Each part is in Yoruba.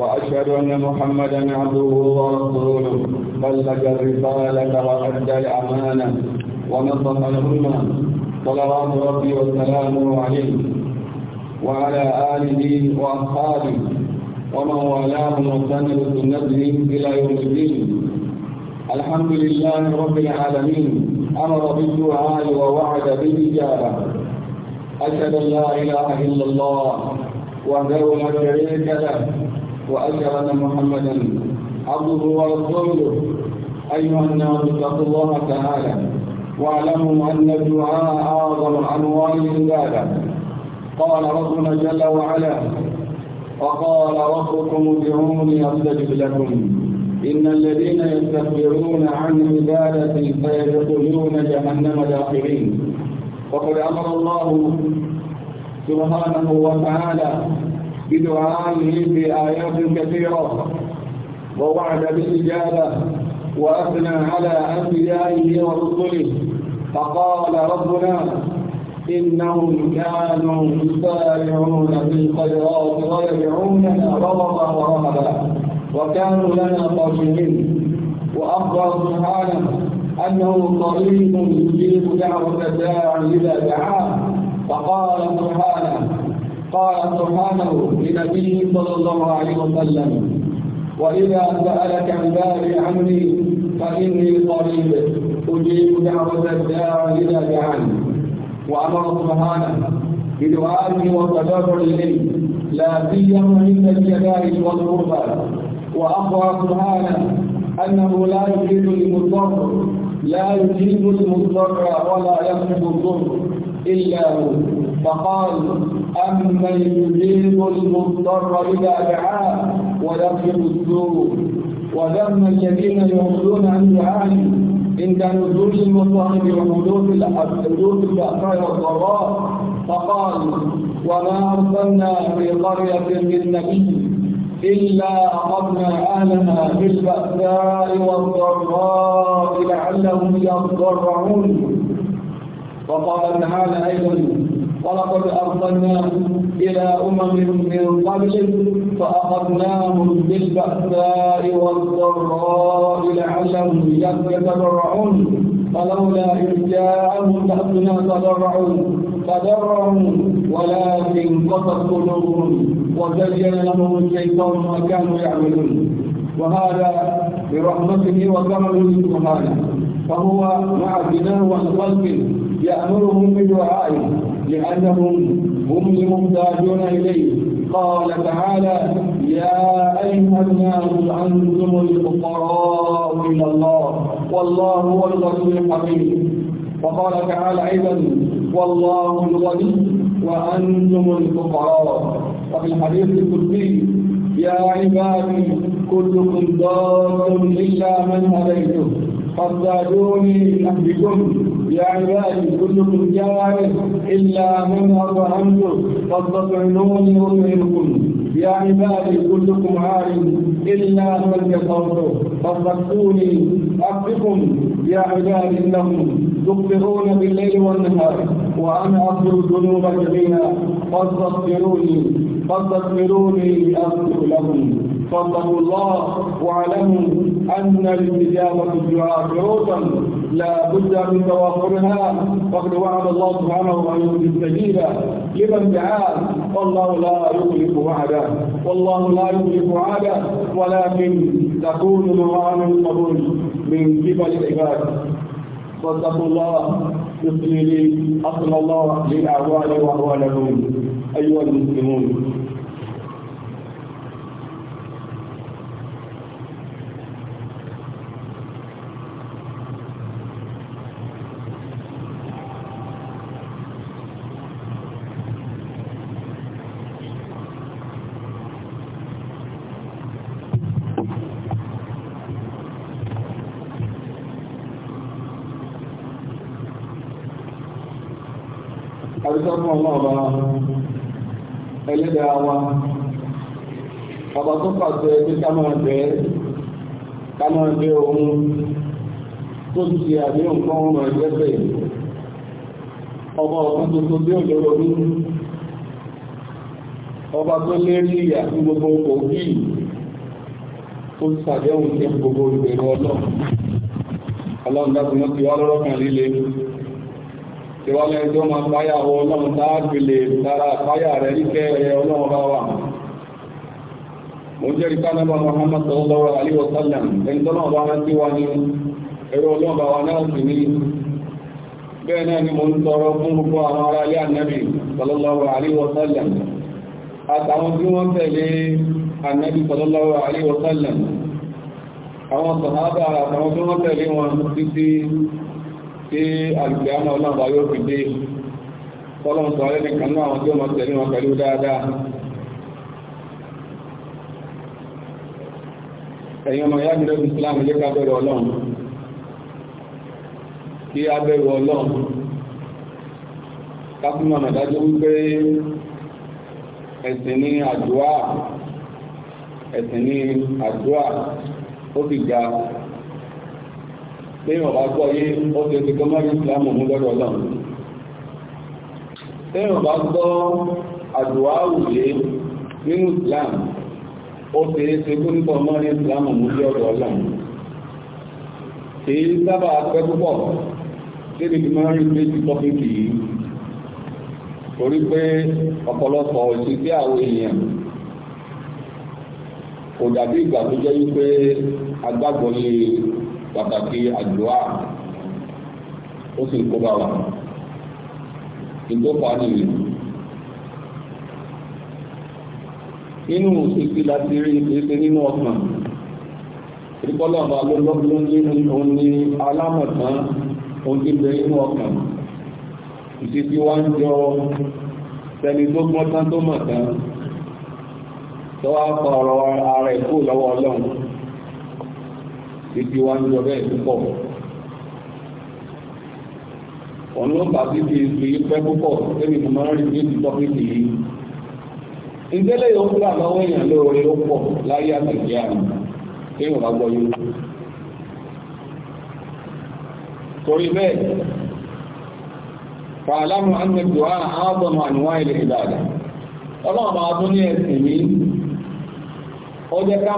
وأشهد أن محمدا عبده ورسوله بلغ الرسالة وأدى الأمانة ونصح الأمة صلوات ربي وسلامه عليه وعلى آله وأصحابه ومن والاه وسن سنته إلى يوم الدين الحمد لله رب العالمين أمر بالدعاء ووعد بالإجابة أشهد أن لا إله إلا الله وحده لا شريك له وأشهد أن محمدا عبده ورسوله أيها الناس اتقوا الله تعالى واعلموا أن الدعاء أعظم أنواع العبادة قال ربنا جل وعلا وقال ربكم ادعوني أستجب لكم إن الذين يستكبرون عن عبادتي فيدخلون جهنم داخلين وقد أمر الله سبحانه وتعالى بدعائه في آيات كثيرة ووعد بالإجابة وأثنى على أنبيائه ورسله فقال ربنا إنهم كانوا يسارعون في الخيرات ويدعوننا رغبا ورهبا وكانوا لنا خاشعين وأخبر سبحانه أنه قريب يجيب دعوة الداعي إذا دعاه فقال سبحانه قال سبحانه لنبيه صلى الله عليه وسلم وإذا سألك عبادي عني فإني قريب أجيب دعوة الداع إذا دعاني وأمر سبحانه بدعائه والتجرع لا سيما عند الشدائد والقربى وأخبر سبحانه أنه لا يجيب المضطر لا يجيب المضطر ولا يكشف الضر إلا هو فقال أمن يجيب المضطر إلى دعاه ويغفر السوء وذم الذين يقولون عن دعائه عند نزول المصائب وحدوث الحدوث البأساء والضراء فقال وما أرسلنا في قرية من نبي إلا أخذنا أهلها بالبأساء والضراء لعلهم يضرعون وقال تعالى أيضا ولقد أرسلنا إلى أمم من قبل فأخذناهم بالبأساء والضراء لعلهم يتضرعون فلولا إذ جاءهم بأسنا تضرعوا تضرعوا ولكن قصد قلوبهم وزين لهم الشيطان ما كانوا يعملون وهذا برحمته وكرمه سبحانه فهو مع بناه عن يأمرهم بدعائه لأنهم هم المحتاجون إليه قال تعالى يا أيها الناس أنتم الفقراء إلى الله والله هو الغني الحميد وقال تعالى أيضا والله الغني وأنتم الفقراء وفي الحديث القدسي يا عبادي كلكم ضار إلا من هديته قد فازدادوني بكم يا عبادي كلكم جار إلا من أطعمته تطعنوني أطعمكم يا عبادي كلكم عار إلا من كفرته فاصدقوني أقفكم يا عبادي إنهم تخبرون بالليل والنهار وأنا أقبل الذنوب جميعا فاستغفروني فاستغفروني أغفر لهم فاتقوا الله واعلموا أن الاستجابة الدعاء شروطا لا بد من توافرها وقد وعد الله سبحانه أن مستجيبا لمن دعاه والله لا يخلف وعده والله لا يخلف وعده ولكن تكون مرانا القبول من قبل العباد فاتقوا الله يصلي لي أصل الله لأعوالي وأهوالكم أيها المسلمون fún ọlọ́ọ̀bá ẹlẹ́dàá wa bàbá tó pàṣẹ pé ká máa bẹ́ ká máa bẹ́ òun tó ti ṣe àdéhùn kan wọn máa jẹ́fẹ̀ ọba ọ̀kan tuntun bí òjòrò ní ọba tó lérí ìyà fún gbogbo òkè tó ṣàdéhùn sí gbogbo ìbẹ̀rù ọlọ́ọ̀ ọlọ́run dákun náà ti wá lọ́rọ̀ kan líle tíwálẹ̀ tó máa páyà wọ ọlọ́run táàgbìlè tara páyà rẹ̀ ríkẹ́ ẹ̀yẹ ọlọ́run bá wà mo jẹ́ ríká náà Muhammad sallallahu alaihi wasallam ẹni tọ́lọ́run bá rántí wa ní ẹ̀rọ ọlọ́run bá wa náà sì ní bẹ́ẹ̀ sallallahu alaihi wasallam àtàwọn tí wọ́n sallallahu alaihi wasallam àwọn sàhábà àtàwọn tí wọ́n tẹ̀lé tí alùpùpù ọlọ́run bá yóò fi dé tọ́lọ́run sọ ẹni kan náà tí ó mọ̀ tẹ̀lé wọn pẹ̀lú dáadáa ẹ̀yin ọmọ ìyá ìrẹ́bù Islam ilé ká bẹ̀rù ọlọ́run kí a bẹ̀rù ọlọ́run kákùnmọ̀ nàdájú wípé ẹ̀sìn ní àdúrà ẹ̀sìn ní àdúrà ó fi ga lẹ́yìn ọ̀bá gbọ́ yé ó ti ti gọ́mọ́ ìsìlámù mú lọ́dọ̀ ọlọ́run lẹ́yìn ọ̀bá gbọ́ àdùá òye nínú ìsìlámù ó ti ti gúnpọ̀ mọ́ ní ìsìlámù mú lọ́dọ̀ ọlọ́run èyí sábà pẹ́ púpọ̀ débi tí máa ń rí méjì tọ́pìkì yìí torí pé ọ̀pọ̀lọpọ̀ òṣìṣẹ́ àwọn èèyàn kò dàbí ìgbà tó jẹ́ wípé agbágbọ́n lè pàtàkì àdúrà ó sì kó bá wa ìtòfà nìyí nínú òṣèṣì láti rí ìpèsè nínú ọkàn ìpọ́lọ́ọ̀bà lọ́lọ́gbọ́n ní òun ni alámọ̀tán ohun tí bẹ nínú ọkàn ìṣèṣì wá ń jọ tẹni tó gbọ́n tán tó mọ̀ tán tó wá pa ọ̀rọ̀ ara ẹ̀kú lọ́wọ́ ọlọ́run títí wá ń jọ bẹ́ẹ̀ púpọ̀ ọ̀nà ọ̀pá títí fi pẹ́ púpọ̀ lẹ́bi mo máa ń rí bí ìtọ́ pípì yóò fún àwọn èèyàn lóore ó pọ̀ láyé àtẹ̀jẹ́ wọ́n bá gbọ́ torí bẹ́ẹ̀ àníwá ọlọ́run máa tún ní ẹ̀sìn ó jẹ́ ká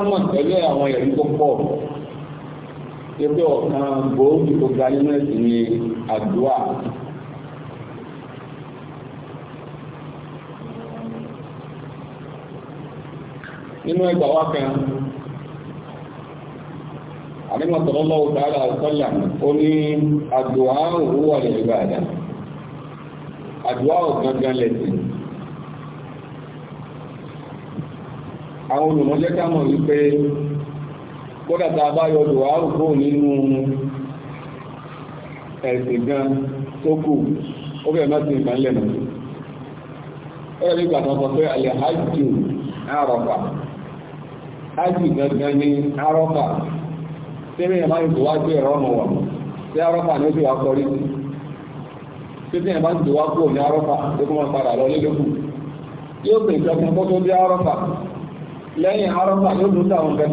pé ọ̀kan gbòógì tó ga nínú ẹ̀sìn ni àdúrà nínú ẹgbà wá kan àdínmọ̀ sọ̀rọ̀lọ́ òtàrà àkọ́là ó ní àdúrà òwúwà lè rí bàdà àdúrà ọ̀gangan lẹ̀sìn àwọn olùmọ́jẹ́ mọ̀ wípé kódà tá a bá yọ dùwà rúgbò nínú ẹ̀sìn gan tó kù ó fẹ́ má sí nǹkan lẹ́nu ẹ̀rọ nígbà tó sọ pé àlẹ́ hajjù àrọ̀fà hajjù gangan ní àrọ̀fà tẹ́lẹ̀ yẹn máa ń dùwà gbé ìrọ̀nù wọ̀ tí àrọ̀fà ní ó sì wá kọrí tí tẹ́lẹ̀ máa ń dùwà kúrò ní àrọ̀fà tó kọ́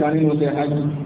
máa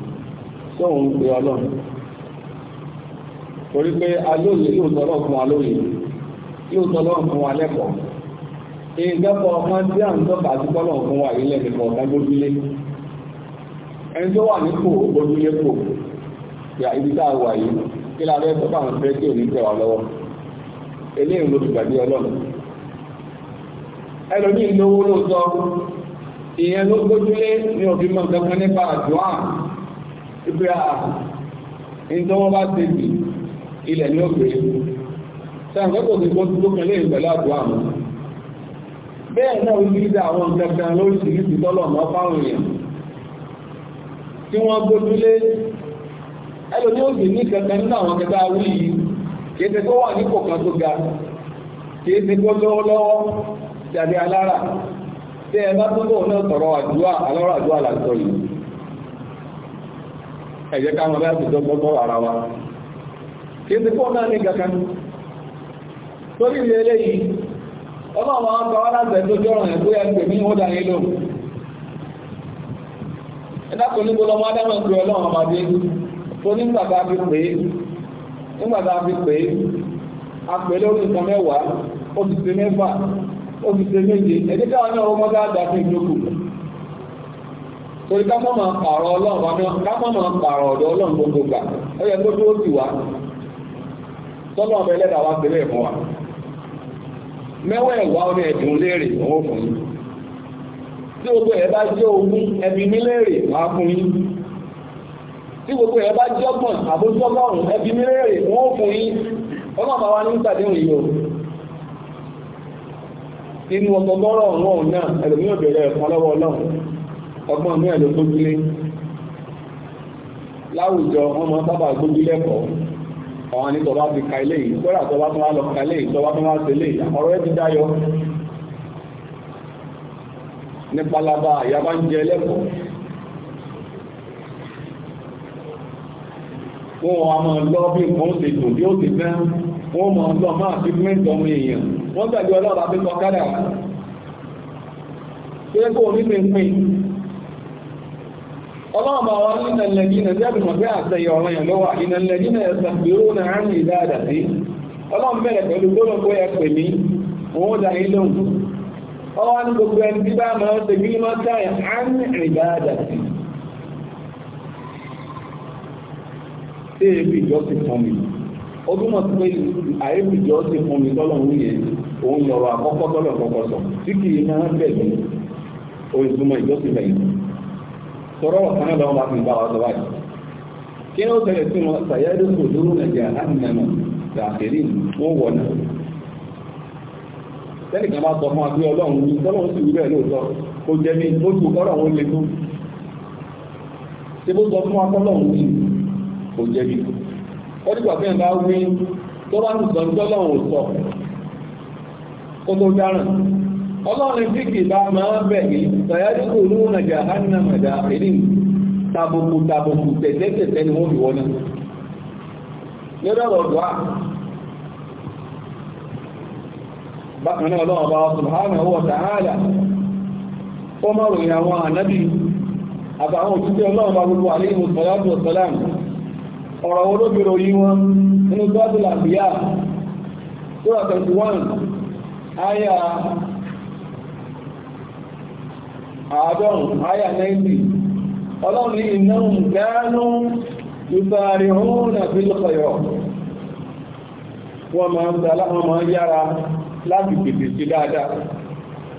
tí òun pe ọlọ́run torí pé alóòlè yóò tọ́lọ́ fún wa lóye yóò tọ́lọ́ fún wa lẹ́kọ̀ọ́ ìgbẹ́pọ̀ ọmọ tí à ń tọ́ka sí tọ́lọ̀ fún wa ilẹ̀ nìkan ọ̀gá gbójúlé ẹni tó wà nípò gbójúlé pò ìyá ibi tá a wà yìí kí la fẹ́ tọ́ka àwọn fẹ́ tí ò ní tẹ̀ wá lọ́wọ́ eléyìí ló fi gbàgbé ọlọ́run ẹlòmíì lówó ló sọ ìyẹn ló gbójúlé ní òbí mọ̀ nípa àdúrà ìpé àà ìtọ́wọ́ bá tèbì ilẹ̀ ní òkè ṣàǹkẹ́kọ̀ọ́ sí kó tó kẹlẹ̀ ìpẹ̀lú àdúrà mọ́ bẹ́ẹ̀ náà ó ní ìdá àwọn nǹkan lóríṣìíríṣìí tọ́lọ̀ mọ́ fáwọn èèyàn tí wọ́n gbójúlé ẹlòmí ó sì ní kankan nínú àwọn kẹta wí yìí kìí ṣe kó wà nípò kan tó ga kìí ṣe kó lọ́wọ́ lọ́wọ́ tàbí alára tẹ́ ẹ bá tó bọ̀ náà sọ̀rọ̀ àdúrà alọ́rọ̀ àdúrà làtọ̀ yìí ẹ̀jẹ̀ ká wọn láti dọ́gbọ́gbọ́ ara wa kí ti pọ́ náà ní kankan torí ilé eléyìí ọmọ àwọn ọkọ̀ aláṣẹ tó jọrọ̀ ẹ̀ bóyá pè ní ó dání lò ẹ̀dá kò ní gbọ́dọ̀ máa ọlọ́run ọmọdé tó ní gbàgbà fi pè é nígbàgbà fi pè é a lórí nǹkan mẹ́wàá ó ti ṣe mẹ́fà ó ti ṣe méje ẹ̀dí káwọn torí ká mọ́ máa pààrọ̀ ọlọ́run wa náà ká mọ́ máa pààrọ̀ ọ̀dọ̀ ọlọ́run gbogbo gbà ó yẹ kó dúró sí wa wa wa mẹ́wọ́ tí gbogbo ẹ̀ bá jẹ́ ogún ẹbí mi léèrè tí gbogbo ẹ̀ bá jẹ́ ọgbọ̀n ẹbí mi léèrè fún yín wa ní o inú ọgbọ́n mi ẹ̀lò gbójúlé láwùjọ wọn máa sábà gbójúlé ẹ̀kọ́ àwọn anìtọ̀ bá ti ka ilé yìí kọ́ra tọ́ bá tún wá lọ ka ilé yìí tọ́ bá tún wá sí ilé yìí ọ̀rọ̀ ẹ ti dáyọ ní palaba àyà bá ń jẹ ẹlẹ́kọ̀ọ́ wọn wà máa lọ bí nǹkan ó ti dùn bí ó ti fẹ́ wọn máa lọ máa fi mẹ́jọ ọmọ èèyàn wọ́n gbàgbé ọlọ́ọ̀bá fi kádà pé kó o ní ti ọlọ́ọ̀bà wa ní ìnàlẹ̀gí na jẹ́ bí mọ̀fẹ́ àtẹyẹ ọ̀rọ̀ yẹn lọ́wọ́ ìnàlẹ̀gí na ẹ̀sẹ̀ na á ní ìdá àdàtí ọlọ́ọ̀n bẹ̀rẹ̀ pẹ̀lú gbọ́dọ̀ pé ẹ pè mí òun dà ní lóhùn ọwọ́ ní gbogbo ẹni tí bá máa ń ṣe bí á ṣé ebi ìjọ ti fún mi sí pé ìjọ ti fún mi tọ́lọ̀ ń sọ̀rọ̀ kan náà lọ́wọ́ bá fi bá wa sọ báyìí kí ló tẹ̀lé sí wọn sàyẹ́dù kò dúró nàìjíríà láti nẹ̀mọ̀ gàfẹ́rì wọn wọ̀ náà tẹ́lẹ̀ kan bá sọ fún wa pé ọlọ́run ní tọ́lọ́run sì wí bẹ́ẹ̀ lóòótọ́ kò jẹ́ mi ó ju kọ́rọ̀ wọn lè tó ṣe bó sọ fún wa tọ́lọ́run sì kò jẹ́ mi ó dìgbà pé bá wí tó bá ti sọ tọ́lọ́run sọ kó tó dáràn ọlọ́run tí kì bá máa bẹ̀ ní tàyájú kò ní wọn àjà hannamada èdè tàbùkù tàbùkù tẹ̀tẹ̀tẹ̀ ni wọ́n fi wọ́n náà lọ́dọ̀ ọ̀dọ́ à bákan náà ọlọ́run bá subhanahu wa ta'ala ó máa ròyìn àwọn ànábì àtàwọn òṣìṣẹ́ ọlọ́run bá gbogbo àlẹ́ ìmọ̀sọ̀láàtù ọ̀sọ̀láàmù ọ̀rọ̀ olóbìnrin yìí wọn nínú gbádùn àbíyá 21 áyà àádọ́rùn-ún àyà 90 ọlọ́run ní innahum kanu yusari'una na khayrat wọ́n máa ń dá láwọn máa ń yára láti pèsè sí dáadáa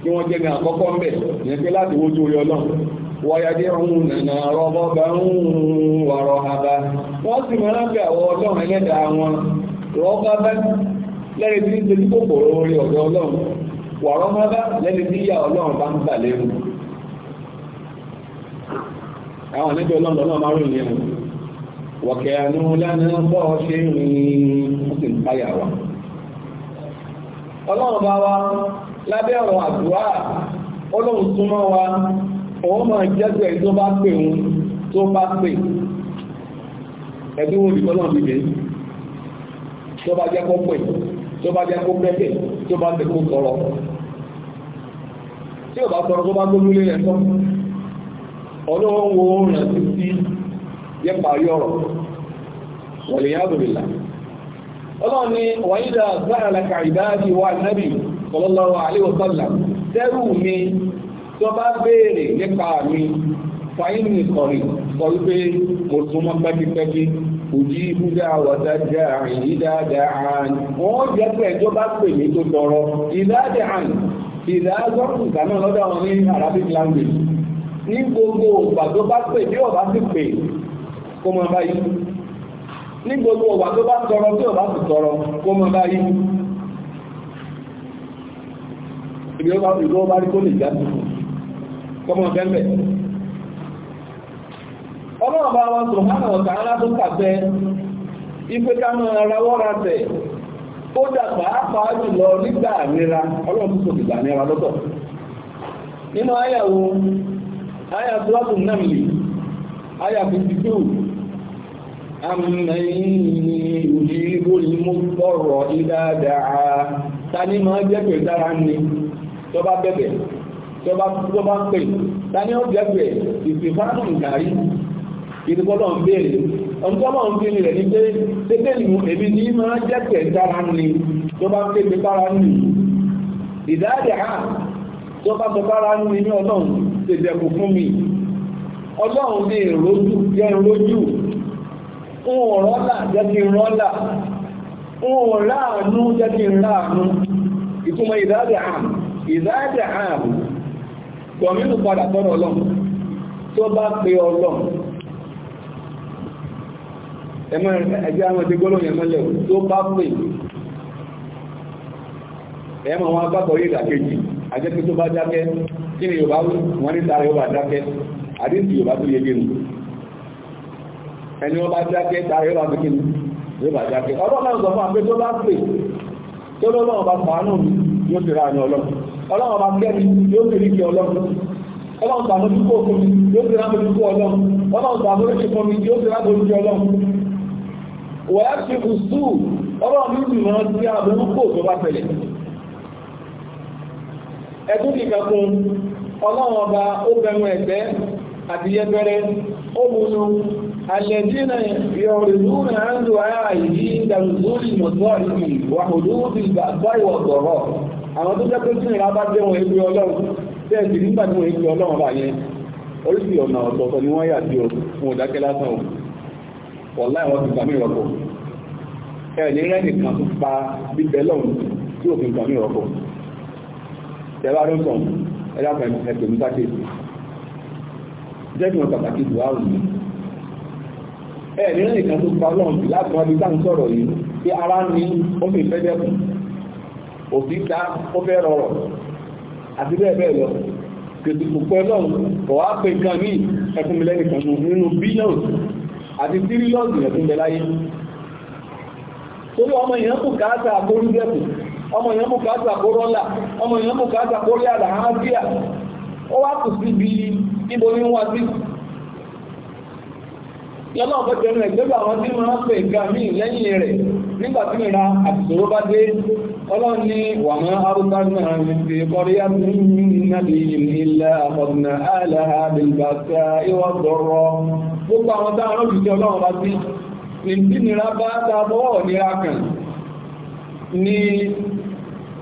kí wọ́n jẹ́ ní àkọ́kọ́ ń bẹ̀ láti wójú orí ọlọ́run wọ́yàdé ọ̀hún nà tí ìyá àwọn àníbẹ̀ ọlọ́run máa rìn yẹn wọ̀kẹ́ àánú lẹ́nu bọ́ ṣe ń rìn ó sì ń báyà wa ọlọ́run bá wa lábẹ́ ọ̀rọ̀ àdúrà ọlọ́run súnmọ́ wa òun máa jẹ́sẹ̀ tó bá pè ń tó bá pè ẹbí wo ni ọlọ́run tó bá jẹ́ kó pè tó bá jẹ́ kó pẹ́pẹ́ tó bá pè kó sọ̀rọ̀ tí ò bá sọ̀rọ̀ tó bá gbójúlé rẹ̀ ọlọ́wọ́n wo ràn sí sí yẹ parí ọ̀rọ̀ wọ̀lẹ̀ yáàbùrìlà ọlọ́run ni wàyídà sáàlàkà ìdáàdì wa nábì sallallahu alaihi wasallam tẹ́rù mi tó bá béèrè nípa mi fàyínì kọ̀rì sọ wípé mo súnmọ́ pẹ́kípẹ́kí òjì ìbúdá wàdájá àrìn ìdáadáa àrìn wọ́n jẹ́ pé ẹjọ́ bá pè mí tó tọrọ ìdáadáa àrìn ìdáadáa àrìn ìdáná lọ́dọ̀ àwọn ní Arabic language ní gbogbo ọgbà tó bá pè bí ọba ti pè kó mọ báyìí ní gbogbo ọgbà tó bá tọrọ bí ọba ti tọrọ kó mọ báyìí ọba ọba rí kó lè já kó mọ bẹ́ẹ̀ bẹ́ẹ̀ ọlọ́run bá wọn sọ̀rọ̀ hánà ọ̀tà ńlá tó ipe ká àyà sọ́tù nàmì àyà fifty two àmìnàyìn òjì ìbò ni mo sọ̀rọ̀ ìdáadáa ta ni máa jẹ́ pé dára ni tó bá bẹ̀bẹ̀ tó bá pè ta ni ó jẹ́ pé ìfìfánù ìdárí ìdíkọ́lọ̀ ń béèrè ọ̀nkọ́lọ̀ ń béèrè rẹ̀ ní pé tẹ́tẹ́lì mú èmi ní máa jẹ́ pé dára ni tó bá pè pé dára ni ìdáadáa tó bá sọ bára ń ní ọlọ́run ṣe fún mi ọlọ́run lè rojú jẹ́ rojú òun rọ́là jẹ́ kí rọ́là òun ráàánú jẹ́ kí ráàánú ìtumọ̀ ìdájẹ̀ àmì ìdájẹ̀ àmì padà ọlọ́run tó bá ẹ̀mọ̀ wọn akọ́kọ̀ yìí ìdàkejì ajẹ́kí tó bá dákẹ́ kí ni Yorùbá wọn ní tààrẹ yóò bá dákẹ́ àdínsì Yorùbá tó yege nù ẹni wọn bá dákẹ́ tààrẹ yóò bá fi kíni yóò bá dákẹ́ ọ̀rọ̀ náà sọ fún àpéjọ bá pè tó lọ́wọ́ bá fàánù yóò fi ra àyàn ọlọ́run ọlọ́run bá kẹ́mi yóò mi yóò fi rábọ̀ ọlọ́run ọlọ́run tàbí ojúkó mi yóò fi rábọ̀ ojúkó ọlọ́run ọlọ́run ní ìmọ̀ ẹ̀dún nìkan ọlọ́run ọba ó bẹnu ẹ̀gbẹ́ àti yẹpẹrẹ ó ìlú wà àwọn tó ìrà bá nígbà tí wọ́n ọlọ́run bá yẹn ọ̀nà ọ̀tọ̀ọ̀tọ̀ ni wọ́n yà sí o fún òdákẹ́ lásán o wọ̀lá ìwọ̀n ti gbàmí ìrọ̀pọ̀ ẹ̀ ní rẹ́ nìkan tó pa bíbẹ́ lọ́run tí tẹ̀wá rọ́sàn ẹ̀dàpẹ̀ ẹ̀pẹ̀mí sákèsì jẹ́gbọ̀n pàtàkì ìlú àrùn yìí ẹ̀ nílẹ̀ ìkan tó pa lọ́n láti wọ́n bí sáà ń sọ̀rọ̀ yìí pé ara ní ó fi fẹ́ dẹ́kun òfin ká ó fẹ́ rọrọ̀ àti bẹ́ẹ̀ bẹ́ẹ̀ lọ kìtì púpọ̀ lọ́n kọ̀ wá pé nǹkan míì ẹkùn mi lẹ́nìkan nínú bílíọ̀nù àti tírílíọ̀nù ẹ̀kún bẹ láyé torí ọmọ ìyẹn kù káàtà ọmọ èèyàn mú káàtà kó rọ́là ọmọ èèyàn mú káàtà kó rí àdá áfíà ó wá kù sí ibi níbo ní wá sí yọ́nà ọ̀pẹ̀tẹ̀ rẹ̀ gbẹ́gbẹ́ àwọn tí wọ́n pè ga míì lẹ́yìn rẹ̀ nígbà tí ìra àtìsòro bá dé ọlọ́run ní wà arúgbá náà ní ti kọrí àtúnyìn nàbí ilẹ̀ àkọ̀dùnà àìlàhà àbẹ̀gbàta ìwọ̀ dọ̀rọ̀ gbogbo àwọn tá àrùn jùjọ ọlọ́run bá sí ìdí nira bá dábọ́ nira kan ní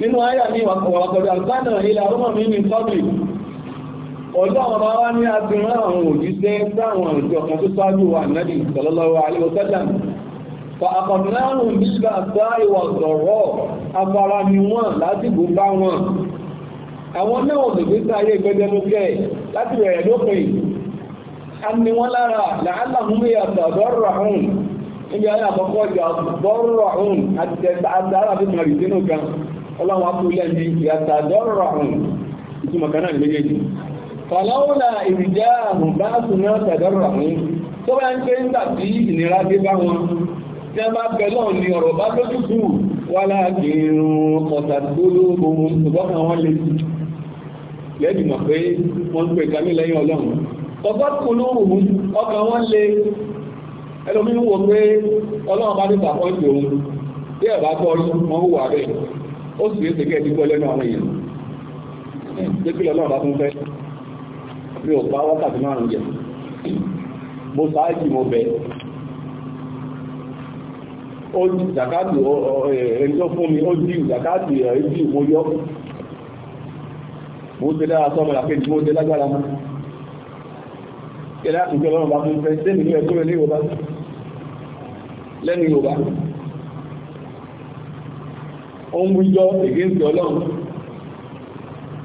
nínú àyà ní wàkọ̀dà àgbàdà ilẹ̀ àrọ́mọ̀ mi ní sọ́bì ọ̀dọ́ àwọn bàbá ní agbìnrin àwọn òjíṣẹ́ sáwọn ìjọ kan tó sáájú wa nàbì sallallahu alaihi fa àkọ̀dùnáàrùn àwọn ayé àkọ́kọ́ ọ̀hún àti àti kan ọlọ́wọ́ akúlẹ̀ ní yàtàdọ́rọ̀hùn ìtumọ̀ kanáà ní méjèèjì fàlọ́wọ́lá ìrìjá àrùn bá súnmọ́ tàdọ́rọ̀hùn tó bá ń pé ń tàbí ìnira dé bá wọn tí a bá bẹ̀lọ́ ni ọ̀rọ̀ bá lójú kú wà láàrin ọ̀tàdólógún ṣùgbọ́n àwọn lè lẹ́dìmọ̀ pé wọ́n ń pè ká nílẹ́yìn ọlọ́run ọgbọ́n kúlóòrùn ọkàn wọn lè ẹlòmí wọ pé ọlọ́run bá ní tàpọ́ǹtì òun bí kọ́ ọdún wà bẹ́ẹ̀ ó sì ṣe kẹ́ dígbọ́ lẹ́nu àwọn èèyàn pé kí lọ́nà bá tún fẹ́ mi ò pa wákàtí márùn-ún jẹ mo sáájì mo bẹ̀ ó jù zakatu ẹni tó fún mi ó jù zakatu ẹ̀ jù mo yọ mo ṣe dára sọ́mọ àkejì mo ṣe lágbára mọ́ kí lọ́nà bá tún fẹ́ sẹ́mi ní ẹ̀kọ́ lẹ́nu Yorùbá lẹ́nu Yorùbá oúnjọ́ against ọlọ́run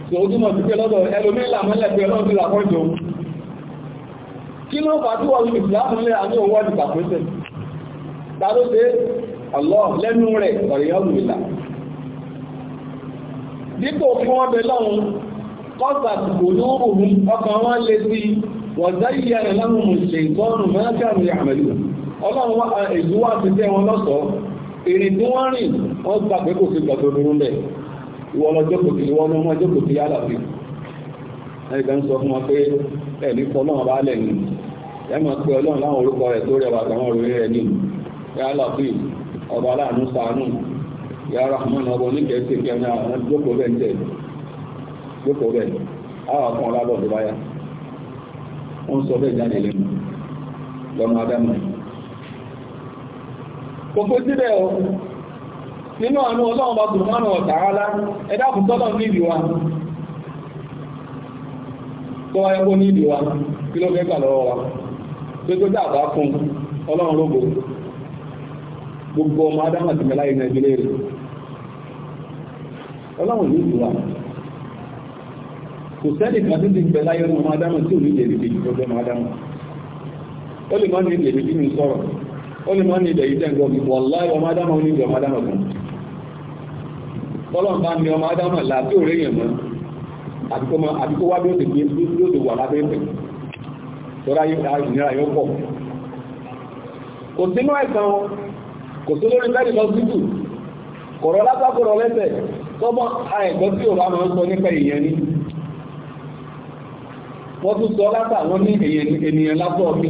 so ó túnmọ̀ sí pé lọ́dọ̀ ẹlòmílà mọ́lẹ̀ pé ọlọ́run ti làkọ́jọ kí ló fà tí wọ́n lè láàmúlẹ̀ àti owó ọdìkà pẹ́sẹ̀ tàbí pé ọlọ́ lẹ́nu rẹ̀ ọ̀rẹ́yọ́lùmílà dípò fún wọn bẹ lọ́run kọ́sà gbòlóòrùn ọkàn wọn lé sí wọ̀dáyìí ẹ̀rẹ̀ lọ́rùn mùsùlùmí ọlọ́run wá èyí wá ti tẹ́ wọn lọ́sọ̀ọ́ ìrìn tí wọ́n rìn wọ́n gbà pé kò sí gbàtò lóru lẹ̀ ìwọ lọ jókòó sí ìwọ lọ́mọ jókòó sí yálà sí ẹni kan sọ fún wọn pé ẹ̀mí kọ́ náà bá lẹ̀ ní ẹ mọ̀ pé ọlọ́run láwọn orúkọ rẹ̀ tó rẹwà àtàwọn òròyìn rẹ̀ ní yálà sí ọba aláàánú ṣàánú yàrá àmọ́ ọba oníkẹ́sì kẹrin àwọn jókòó bẹ́ẹ̀ ń tẹ̀ jókòó bẹ́ẹ̀ àwọn kan ọlábọ̀ tó bá yá wọ́n sọ bẹ́ẹ̀ jáde lẹ́nu lọ́mọ adámọ̀ gbogbo síbẹ̀ o nínú àánú ọlọ́run bá tùrù mọ́nà ọ̀tàrálá ẹ̀dá àkùtọ́lọ̀ níbi wa tó wáyé kó níbi wa kí ló wa tó tó fún ọlọ́run gbogbo ọmọ adámà ti mẹ́láyé nàìjíríà rẹ̀ ọlọ́run wa kò sẹ́ni kan ọmọ tí ò ní ó lè ní ilẹ̀ ìjẹ́ ǹkan bí ọmọ adámọ̀ ní ìjọ ọmọ adámọ̀ kan tọ́lọ̀ bá ní ọmọ adámọ̀ láti yẹn mọ́ àbíkó wá bí ó ti gbé bí ó ti wà lábẹ́ ìpẹ̀ tọ́lá ìnira yóò pọ̀ kò ẹ̀sán kò sí lórí lọ sí ni wọ́n tún ní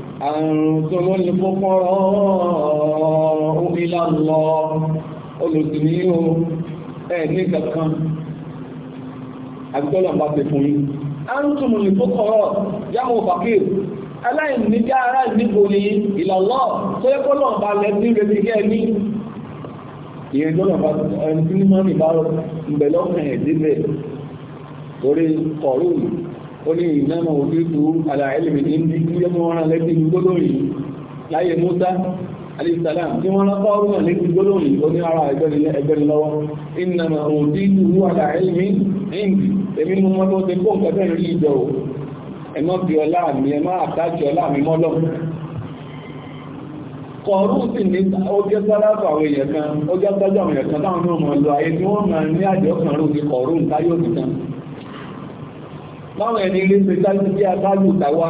أنتم الفقراء إلى الله olùsìnìyàn ẹ̀ ní kankan àgbẹ̀lọ̀ bá ti fún yín. أنتم الفقراء jáwọ́ fàkìr aláìní jẹ́ ará ìdíbò ní إلى الله tó yẹ kó lọ́ọ̀ bá lẹ́bí retí kẹ́ ní ìyẹn tó lọ́ọ̀ bá ẹni ó ní ìnáma òfíìtú aláìlèmì ní ilé mọ́ra lẹ́gbẹ̀ẹ́ ní gbólóyìn láyé Musa alìsàlám tí wọ́n lọ́pọ̀ ọ̀rọ̀ ní gbólóyìn ó ní ara ẹgbẹ̀rin lọ́wọ́ ìnáma òfíìtú aláìlèmì ní èmi mú mọ́tò ti kó nǹkan bẹ́ẹ̀ rí ìjọ o ẹ̀mọ́ bí ọlá mi ẹ̀mọ́ àtàkì ọlá mi mọ́lọ́ kọ̀ọ̀rún sì ní ó jẹ́ sálábà báwọn ẹni rí pé sáájú bí aṣáájú ìtàwà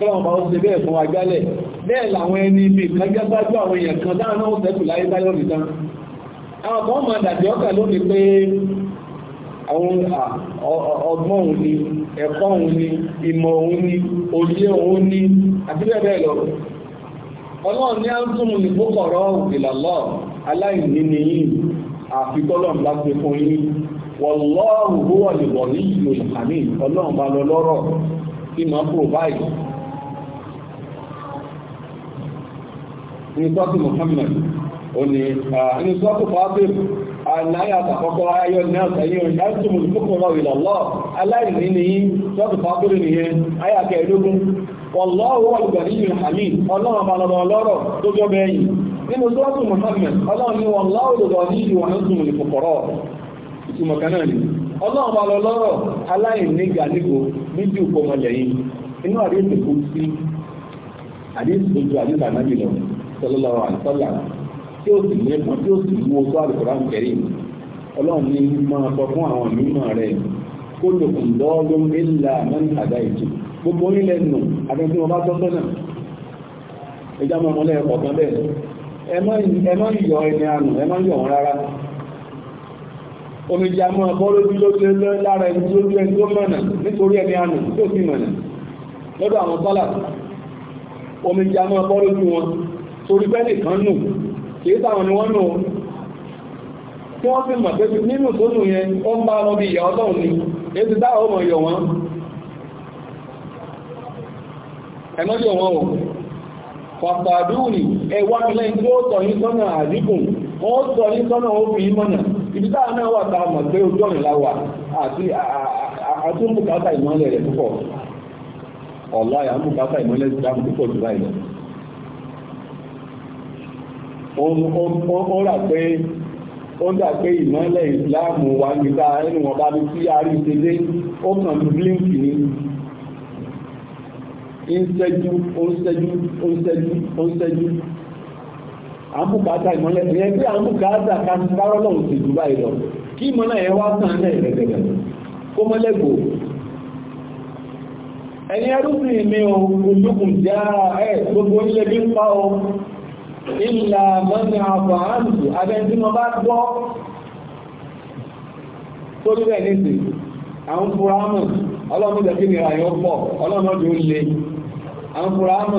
tọ́wọ́n bá ó ṣe bẹ́ẹ̀ fún bẹ́ẹ̀ làwọn ẹni ibi kan awọn àwọn èèyàn kan dáhùn náà sẹ́kù láyé báyọ̀ nìkan àwọn kan máa dàbí ọkà lónìí pé ọgbọ́n ni ẹ̀kọ́ òun ni ìmọ̀ òun ni òun ni àti bẹ́ẹ̀ bẹ́ẹ̀ lọ ọlọ́run ní wọ̀lọ́rùn ló wà lè wọ̀ ní ìlú ìhàmì ọlọ́run bá lọ lọ́rọ̀ tí máa provide ní sọ́tù Muhammad òní ní sọ́tù fàábẹ̀ àìláyà àtàkọ́kọ́ ayọ́ náà sẹ́yìn òní láti mú ìfúkọ̀rọ̀ ìlọ́lọ́ aláìní ní sọ́tù fàábẹ̀ nìyẹn ayà kẹẹ̀ẹ́dógún wọ̀lọ́rùn wà lè wọ̀ ní ìlú ìhàmì ọlọ́run bá lọ lọ́rọ̀ tó jọ bẹ́yìn nínú ìtumọ̀ kan náà ni ọlọ́run bá lọ lọ́rọ̀ aláìníga níbo níbi òkú ọmọlẹ́yìn inú àdéhùn kò sí àdéhùn tó ju lọ sallallahu alaihi tí ó sì lẹ́kùn tí ó sì mú oṣù àlùkòrán kẹrin ọlọ́run ní máa sọ fún àwọn mímọ́ kó lòkùn lọ́ọ́dún mẹ́rin àdá gbogbo onílẹ̀ nù wọn bá omijì àmọ́ ọ̀bọ́ lójú ló ṣe lára ẹni tó lójú ẹni tó mọ̀nà nítorí ẹni àmì tó sì mọ̀nà lọ́dọ̀ àwọn sọ́là torí pé nìkan nù ni wọ́n nù tí wọ́n fi mọ̀ pé nínú tó nù yẹn ó ń bá bí ìyá ọlọ́run ni ibi táwọn náà wà táwọn mọ̀ pé ojú ọ̀rìn láwà àti àtúnbùkátà ìmọ́lẹ̀ rẹ̀ púpọ̀ ọ̀la àmúkátà ìmọ́lẹ̀ ìdáhùn púpọ̀ jù báyìí lọ ó rà pé ó dà pé ìmọ́lẹ̀ ìsìláàmù wa níta ẹnu wọn bá ní sí àárí ìṣẹ́lé ó kàn ní bílíǹkì ni ń ṣẹ́jú ó ń ṣẹ́jú ó ń ṣẹ́jú ó ń ṣẹ́jú àmúkàtà ìmọ́lẹ̀ ìyẹn bí àmúkàtà kan bárọ́ lọ́wọ́ sí jù báyìí lọ kí ìmọ́lẹ̀ yẹn wá tàn náà ìrẹ̀gẹ̀gẹ̀ kó mọ́lẹ́gbò ẹni ẹrúsìn mi ò ojúkùn já ẹ gbogbo ilé bí ń pa o ìlà mọ́ni àfàáǹtì abẹ́ntí mo bá gbọ́ tó rí bẹ́ẹ̀ nísì àwọn fúrámù ọlọ́mọdé kí ni àyọ̀ pọ̀ ọlọ́mọdé ó le àwọn fúrámù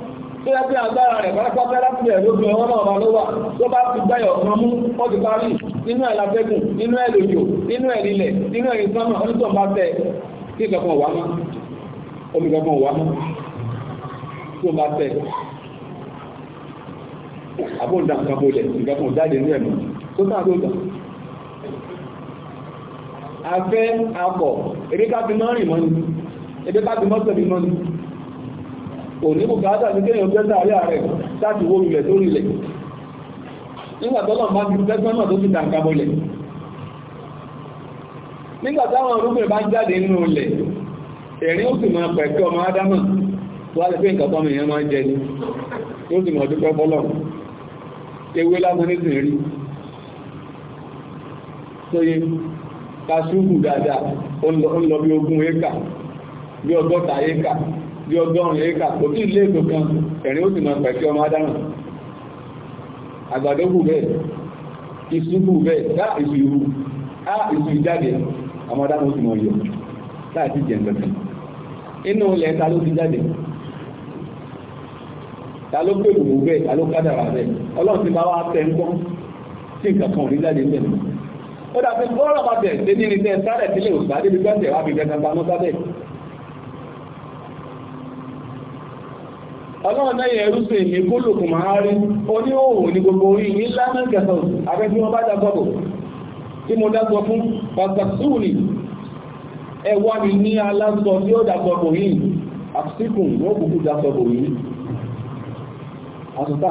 tó yẹ pé agbára rẹ̀ pátápátá láti rẹ̀ lóbi ọwọ́ náà wà ló wà tó bá ti gbáyọ̀ kan mú wọ́n ti parí nínú ẹ̀ lábẹ́gùn nínú ẹ̀ lòjò nínú ẹ̀ lílẹ̀ nínú ẹ̀ ìsánmà onítọ̀ bá tẹ̀ kí kankan wà mọ́ omi kankan wà mọ́ tó bá tẹ̀ àbóǹda nǹkan bolẹ̀ nǹkan kan jáde ní ẹ̀mọ́ tó tà tó tà afẹ́ akọ̀ èdè ká fi mọ́ rìn mọ́ ni èdè ká fi mọ́ sẹ́mi mọ́ òní kò káàtà sí kéèyàn jẹ́ sàárẹ̀ ààrẹ láti wó ilẹ̀ tó rilẹ̀ nígbà tọ́lọ̀ bá ti tẹ́sán náà tó ti dàgbà bọlẹ̀ nígbà táwọn orúkẹ̀ bá jáde nínú ilẹ̀ ẹ̀rín ó sì máa pẹ̀kẹ́ ọmọ ádámà tó wá lè pé nǹkan tọ́mọ èèyàn máa jẹ ní ó sì mọ̀ dúpẹ́ fọ́lọ̀ ewé lámọ́ nísìn rí tóye kásúkù dáadáa ó ń lọ bí ogún éka bí ọgọ́ta éka bí ọgọ́rùn-ún éka kò tí ilé ètò kan ẹ̀rin ó sì máa pẹ̀kẹ́ ọmọ adáràn àgbàdógù bẹ́ẹ̀ ìsúgbù bẹ́ẹ̀ dá ìsù ìrù á ìsù ìjáde ọmọ adáràn ó sì mọ̀ yọ láti jẹ nǹkan inú ilẹ̀ ta ló ti jáde ta ló pè wò bẹ́ẹ̀ ta ló kádàrà bẹ́ẹ̀ ọlọ́run ti bá wá tẹ ń gbọ́ sí nǹkan kan ò ní jáde bẹ́ẹ̀ ó dàbí bọ́ọ̀rọ̀ bá ṣe ní ní tẹ́ sáré sílé òṣà débi gbọ́sẹ̀ ọlọ́run náà yẹ ẹrúsẹ̀ èmi gólòkùn máa rí oníhòòhò ní gbogbo orí ní lánàá kẹsàn wọ́n bá tí mo fún ẹwà mi ní aláṣọ tí ó yìí yìí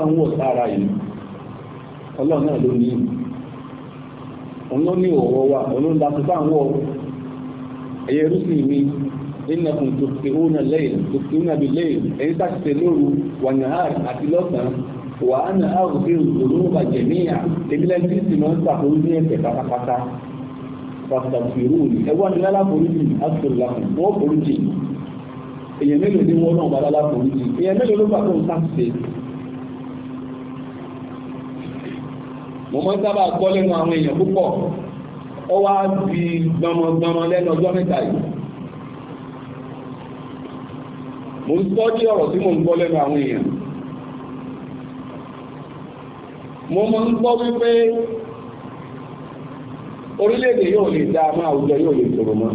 ń wọ̀ sára yìí ọlọ́run náà ló ní òun ló ní òwò wa òun innakum tuftiruna layl tuftiruna bil-layl ẹ̀yin sàṣìṣe lóru wà nahar àti lọ́sàn-án wà á nà á rùbí dhunuba jami'a ìbílẹ̀ tí sì máa ń sàkóru ní ẹ̀ṣẹ̀ pátápátá fastaghfiruni ẹwà ní aláforíjì asòlùlàkùn wọ́n foríjì èèyàn mélòó ni wọ́n náà bá aláforíjì èèyàn mélòó ló bá tó ń sàṣìṣe mo máa ń sábà kọ́ lẹ́nu àwọn èèyàn púpọ̀ ọ wá di gbọmọgbọmọ lẹ́nu ọjọ́ mẹ́ta yìí mo ń gbọ́ dí ọ̀rọ̀ tí mo ń gbọ́ lẹ́nu àwọn èèyàn mo mọ́ ń gbọ́ wípé orílẹ̀-èdè yóò lè dá máa àwùjọ yóò lè tòrò mọ́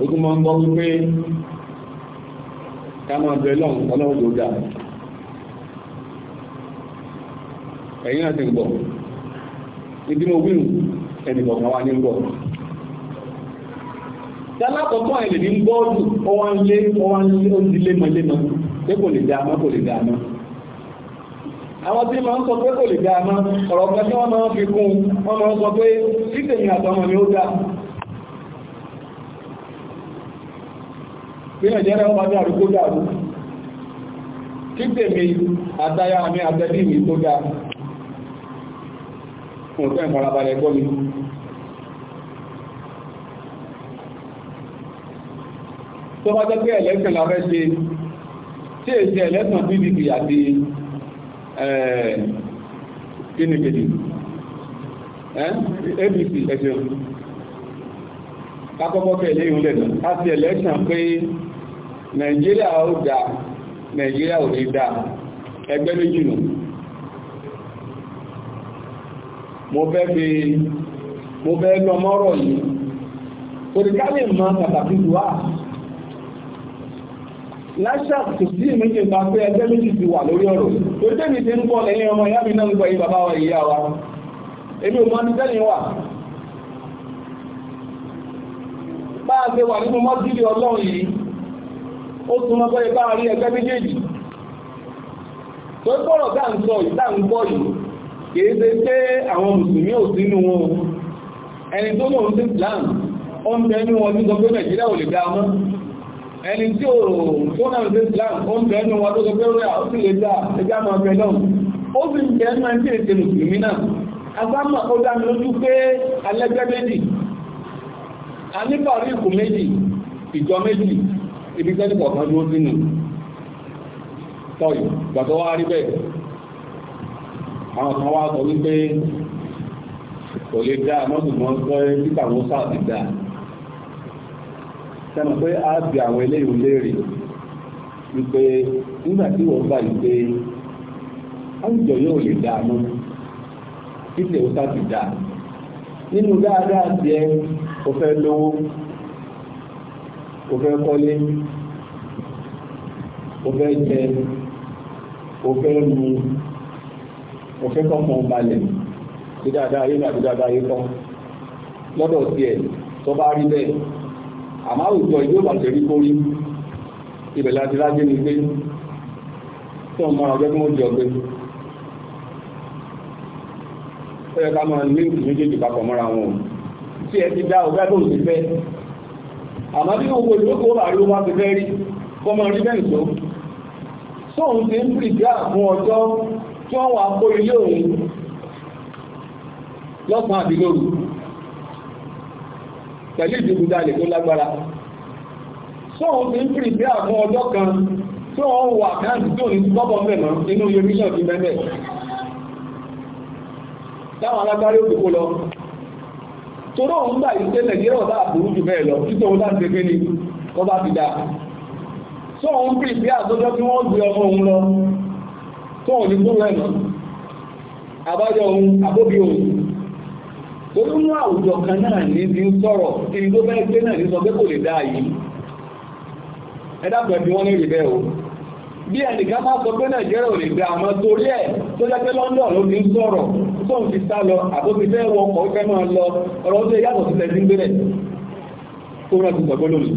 ó tún ń gbọ́ wípé ká máa bẹ lọ́n ọlọ́run dà ẹ̀yìn àti gbọ́ ìdí mo tẹ́lákọ̀ọ́kọ́ ẹ̀ lè ní bọ́ọ̀lù ọwọ́n lé ọwọ́n lé oúnjẹ lémọ̀lémọ̀ pé kò lè dáa kò lè dáa mọ́ àwọn tí ń sọ pé kò lè dáa mọ́ ọ̀rọ̀ kan tí wọ́n máa fi kún wọ́n máa sọ pé títẹ̀yìn àtọmọ ni ó dá bí nàìjíríà wọn bá àrùkó dàrú títẹ̀mí àtayá mi àtẹ́bí mi tó fẹ́ gbọ́ mi tó bá jẹ́ pé election la fẹ́ ṣe tí èsì election pdp àti eh, kíníkìdì eh, abc ẹ̀ṣẹ̀ kákọ́kọ́ tẹ̀lé ìrúlẹ̀ náà láti election pé nàìjíríà ó dá nàìjíríà ò ní dá ẹgbẹ́ méjì nù mo fẹ́ fi mo fẹ́ lọ mọ́rọ̀ yìí kò ní ká lè mọ pàtàkì wá láṣàp kò sí ìmúṣe ìgbà pé ẹgbẹ́ méjì ti wà lórí ọ̀rọ̀ tó tẹ́mi ti ń bọ̀ lẹ́yìn ọmọ ìyá mi náà ń gbọ́ yín bàbá wa ìyá wa èmi ò mọ ní tẹ́yìn wà bá a ṣe wà nínú mọ́sílì ọlọ́run yìí ó súnmọ́ pé bá a rí ẹgbẹ́ méjèèjì tó gbọ́rọ̀ tá ń sọ yìí tá ń gbọ́ yìí kìí ṣe pé àwọn mùsùlùmí ò sínú wọn ẹni tó mọ̀ ń sí Islam ó ń bẹ ní wọn sọ pé Nàìjíríà ò lè dá mọ́ ẹni tí ó tó náà lè Islam ó ń bẹ̀ẹ́nu wọn tó sọ pé rẹ̀ ó sì lè dá ẹjá máa bẹ̀ náà ó sì ń bẹ̀ẹ́nu ẹni tí èsè mùsùlùmí náà agbámà ó dá mi lójú pé alẹ́gbẹ́ méjì a ní pàríkù méjì ìjọ méjì ibi tẹ́lẹ̀ kọ̀ọ̀kan ló sínú tọ́yì gbàtọ́ wá rí bẹ́ẹ̀ àwọn kan wá sọ wípé kò lè dá mọ́tò mọ́ sẹ́nu pé a bí àwọn eléyìí léèrè wípé nígbà tí wọ́n gbà yìí pé àwùjọ yóò lè dà mọ́ kí lè wọ́n sábì dà nínú dáadáa tiẹ̀ o fẹ́ lówó o fẹ́ kọ́lé o fẹ́ jẹ o fẹ́ mu o fẹ́ kọ́kàn balẹ̀ tí dáadáa yé náà tí dáadáa yé kọ́ lọ́dọ̀ tiẹ̀ tó bá rí bẹ́ẹ̀ àmọ́ àwùjọ yóò bàtẹ̀ rí kórí ibẹ̀ láti rájé ní pé tó ń mara ọjọ́ tí wọ́n jọ pé ó yẹ ká máa ní ìlú méjèèjì papọ̀ mọ́ra wọn o tí ẹ ti dá ọgá tó ń ti fẹ́ àmọ́ bí gbogbo ìlókòó bá rí ó ti fẹ́ rí kọ́mọ rí bẹ́ẹ̀ tó sóun ti ń pìdí àfún ọjọ́ tí wọ́n wà kó ilé òun lọ́sàn-án àbí lóru pẹ̀lú ìdígunjalè tó lágbára tó ń fi ń pìrì bí àwọn ọjọ́ kan tó ń wà káàdì tó ní gbọ́bọ̀ mẹ́mọ́ inú yorùbá ti mẹ́mẹ́ táwọn alágbárí òkòkò lọ torọ́ òun gbà yìí pé nàìjíríà ọ̀dá àbúrú jù bẹ́ẹ̀ lọ títí òun láti gbé ní kọ́ bá ti dà tó ń pìrì bí àtọ́jọ́ tí wọ́n gbé ọmọ torí mú àwùjọ kan náà ní bí ń sọ̀rọ̀ tí ní tó bẹ́ẹ̀ gbé náà ní sọ pé kò lè dá yìí ẹ̀dàpọ̀ ẹ̀bí wọ́n lè bẹ́ẹ̀ o bí ẹnìkan máa sọ pé nàìjíríà ò lè dá àmọ́ torí ẹ̀ tó jẹ́ pé London ló ní sọ̀rọ̀ tó ń fi sá lọ àbó ti fẹ́ wọ ọkọ̀ fẹ́ máa lọ ọ̀rọ̀ tó yàtọ̀ sí tẹ̀sí ń gbélẹ̀ tó rẹ̀ ti sọ̀gbọ́n lónìí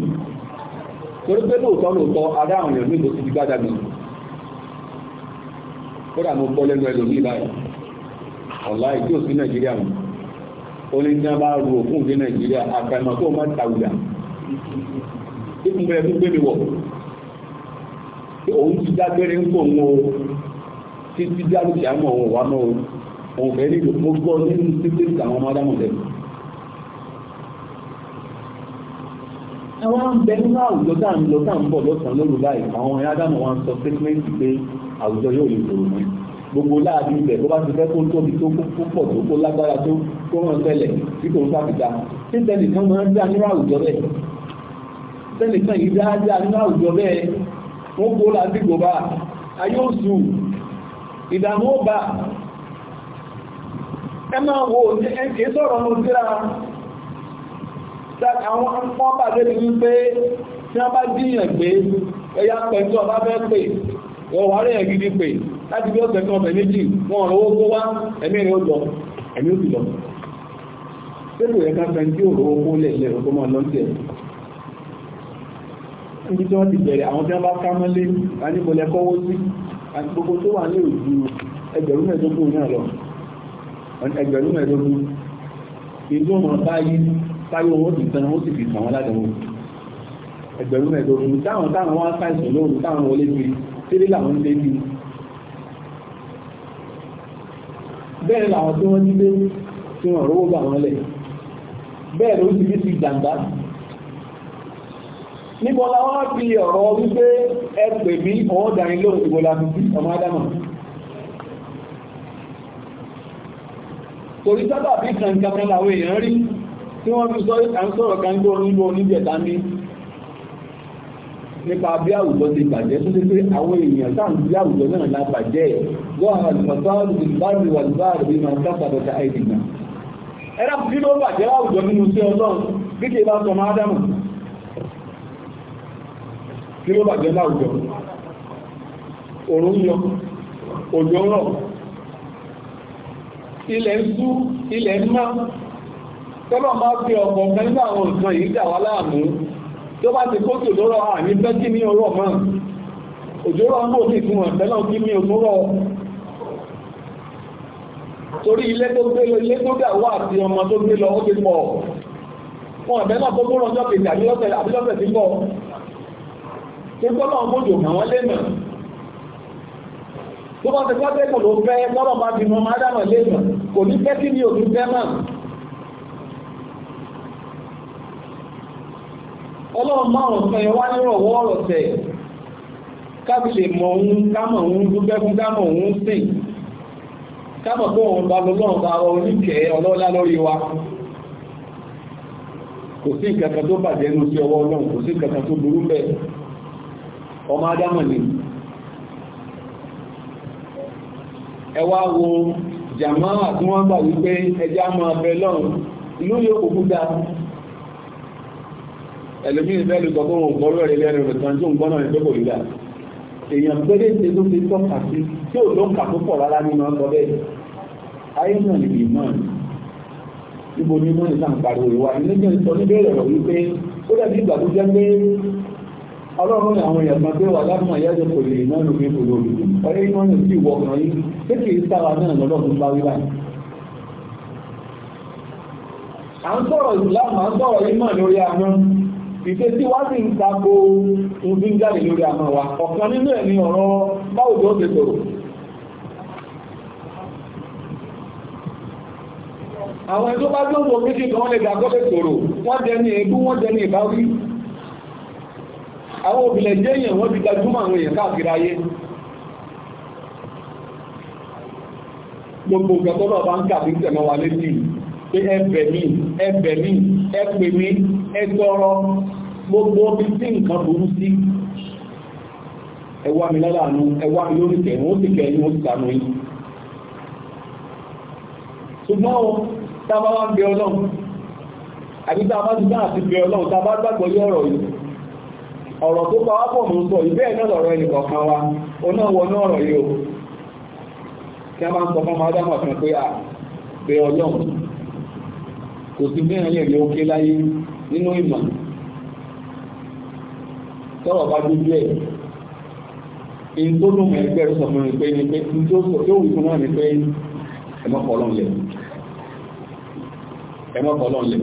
torí pé lóòótọ́ lóòótọ́ adá àwọn èèyàn nígbò ti di gbádà mi kódà mo gbọ́ lẹ́nu ẹlòmíì báyìí ọ̀la ìdí òsì nàìjíríà mi oníṣẹ́ bá rò fún ìdí nàìjíríà àfàìmọ̀ tó máa tàwùdà ìkùnbẹ̀rẹ̀ fún gbẹ̀mí wọ̀ òun ti dágbére ń pò ń wo títí dárúkì àmọ́ òun wà mọ́ òun fẹ́ nílò mo gbọ́ nínú títí àwọn ọmọ adámọ̀ tẹ̀lé àwọn àbẹ̀ nínú àwùjọ tá à ń lọ tá à ń bọ̀ lọ́sàn-án lóru báyìí àwọn ọmọ adámọ̀ wọn sọ pé àwùjọ yóò lè tòrò mọ́ gbogbo láàbí ibẹ̀ tó bá ti fẹ́ kó tóbi tó pọ̀ tó kó lágbára tó kó ràn tẹ́lẹ̀ tí kò ń fàkìtà tí tẹ́lẹ̀ kan máa ń dá nínú àwùjọ bẹ́ẹ̀ tẹ́lẹ̀ kan yìí dáadáa nínú àwùjọ bẹ́ẹ̀ wọ́n kó láti gbòbá ayé òsù ìdààmú ọba ẹ máa wo ẹ̀kẹ́ sọ̀rọ̀ ní ojúra àwọn ọmọ pàdé ní wípé tí wọ́n bá díyàn gbé ẹ̀yà pẹ̀lú ọba fẹ́ pè ọ̀wárẹ̀ ẹ̀gidi pè láti bí ọ̀sẹ̀ kan ọ̀sẹ̀ méjì wọn ọ̀rọ̀ owó kó wá ẹ̀mí rẹ̀ ó lọ ẹ̀mí ó sì lọ sẹ́kù rẹ̀ ká fẹ́ni tí ò rówó kó lẹ̀ lẹ̀ ọkọ̀ máa lọ́sẹ̀ níbi tí wọ́n ti bẹ̀rẹ̀ àwọn tí wọ́n bá ká mọ́lé anímọ̀lẹ́ kọ́wọ́ sí àti gbogbo tó wà ní òjú ẹgbẹ̀rún mẹ́ẹ̀ẹ́dógún náà lọ ẹgbẹ̀rún mẹ́ẹ̀ẹ́dógún ìlú ọmọ báyìí táyé owó ti tán ó sì fi tàn wọ́n ládàá ẹgbẹ̀rún mẹ́ẹ̀ẹ́dógún táwọn táwọn wá sáìsàn lóòrùn táwọn wọlé fi tẹ́lẹ̀ làwọn ń dé bí bẹ́ẹ̀ làwọn tí wọ́n jílé tí wọ́n rówó bà wọ́n lẹ̀ bẹ́ẹ̀ ló ti bí ti gbàǹdà níbo la wọ́n fi ọ̀rọ̀ wípé ẹ pè mí ọwọ́ dání lóhùn ìbò la fi sí ọmọ ádámà torí sábà bí kankan kan làwọn èèyàn rí tí wọ́n fi sọ à nípa bí àwùjọ ti bàjẹ́ tó ṣe pé àwọn èèyàn sáàmù bí àwùjọ náà la bàjẹ́ ẹ̀ wọ́n àwọn àlùfàṣọ́ọ̀lù ti báàrù wà lùbáàrù bí máa sábà lọ́ta àìdìgbà. ẹ̀rọ kí ló bàjẹ́ àwùjọ nínú iṣẹ́ ọlọ́run bí kì í bá sọmọ ádámù kí ló bàjẹ́ láwùjọ òrùn yọ òjò rọ̀ ilẹ̀ ń sú ilẹ̀ ń mọ́ tọ́lọ́ máa fi ọ̀pọ̀ kan nínú àwọn nǹkan yìí dà wá láàmú tó bá ti kókè lọ́rọ̀ àmì fẹ́ kí ní ọrọ̀ mọ́ òjòrò ń bò sí fún ọ̀tẹ́lọ́ kí ní òmúrọ̀ torí ilé tó gbé lọ ilé tó dà wà àti ọmọ tó gbé lọ ó ti pọ̀ wọn ọ̀bẹ náà tó gbóná ọjọ́ kejì àbílọ́sẹ̀ àbílọ́sẹ̀ ti pọ̀ tó gbọ́ náà gbòjò mọ̀ wọ́n lẹ́nà tó bá ti kọ́ tẹ́kùn ló fẹ́ lọ́rọ̀ bá fi mọ́ máa dànà lẹ́nà kò ní ọlọ́run márùn kan yẹn wá nírọ̀wọ́ ọ̀rọ̀ tẹ̀ káàbì lè mọ̀ òun kámọ̀ òun dúpẹ́ fún kámọ̀ òun sìn kámọ̀ tó òun bá lọ́lọ́run bá ọ oníkẹ́ ọlọ́lá lórí wa kò sí nǹkan tó bàjẹ́ nù sí ọwọ́ ọlọ́run kò sí nǹkan tó burú bẹ́ẹ̀ ọmọ adámọ̀ ni ẹ wo jàmáà tí wọ́n gbà wípé ẹjẹ́ máa bẹ lọ́run ìlú yóò kúkú dáa ẹlòmí ìbẹ́lú gbogbo wọn gbọ́rọ̀ rẹ̀ lẹ́nu rẹ̀ kan tó ń gbọ́nà ìgbẹ́ kò lílà èèyàn gbẹ́dẹ́ ṣe ló fi tọ́ka sí tí ò ló ń kà púpọ̀ rárá nínú ọkọ̀ bẹ́ẹ̀ ayé náà lè mọ̀ níbo ní mọ́ nìkan pariwo ìwà nígbà sọ níbẹ̀rẹ̀ rẹ̀ wípé ó dàbí ìgbà tó jẹ́ pé ọlọ́run ní àwọn èèyàn kan pé wà lábùmọ̀ ìyá ìjọ kò lè mọ́ ní òfin kòló ọ̀rẹ́ iná ní sí ìwọ ọkàn yìí pé kì í sára náà lọ́dọ̀ tó bá wíwá à ń sọ̀rọ̀ ìlànà à ń sọ̀rọ̀ ìmọ̀ lórí àwọn ìṣe tí wá sì ń tako ìbí ń jáde lórí àmọ́ wa ọ̀kan nínú ẹ̀ ni ọ̀rọ̀ báwo tó ṣe sọ̀rọ̀ àwọn ẹjọ́ bá tó ń wo méjì kan lè dàgọ́dẹ̀ sọ̀rọ̀ wọ́n jẹ ní ebú wọ́n jẹ ní ìbáwí àwọn òbílẹ̀ jẹ́ èèyàn wọ́n ti gbajúmọ̀ àwọn èèyàn káàkiri ayé gbogbo ìgbà tó bá ń kà ní tẹ̀mọ́ wa létí pé ẹbẹ̀ mi ẹbẹ̀ mi ẹpẹ̀ mi ẹgbọ́rọ gbogbo bí sí nǹkan burú sí ẹwà mi lọ́lànú ẹwà mi lórí kẹ̀yìn ó sì kẹ̀yìn ó sì sànú yìí ṣùgbọ́n o tábà wá ń bẹ ọlọ́run àbí tábà ti bá àti bẹ ọlọ́run tábà gbàgbọ́ yí ọ̀rọ̀ yìí ọ̀rọ̀ tó bá wá pọ̀ mọ́ sọ ìbẹ́ẹ̀ náà lọ̀rọ̀ ẹnì kọ̀ọ̀kan wa oná wọnú ọ̀rọ̀ yìí o kí a máa ń sọ fún ọmọ adámọ̀ kan pé à bẹ ọlọ́run kò sí bẹ́ẹ̀ lè ní oké láyé nínú ìmọ̀ tọ́rọ̀ bá dójú ẹ̀ in tó ló mọ̀ ẹgbẹ́ rẹ̀ sọ̀rọ̀ pé ní pé in tó sọ yóò wù fún náà ní pé ẹmọ́kọ̀ọ́lọ́ lẹ̀ ẹmọ́kọ̀ọ́lọ́ lẹ̀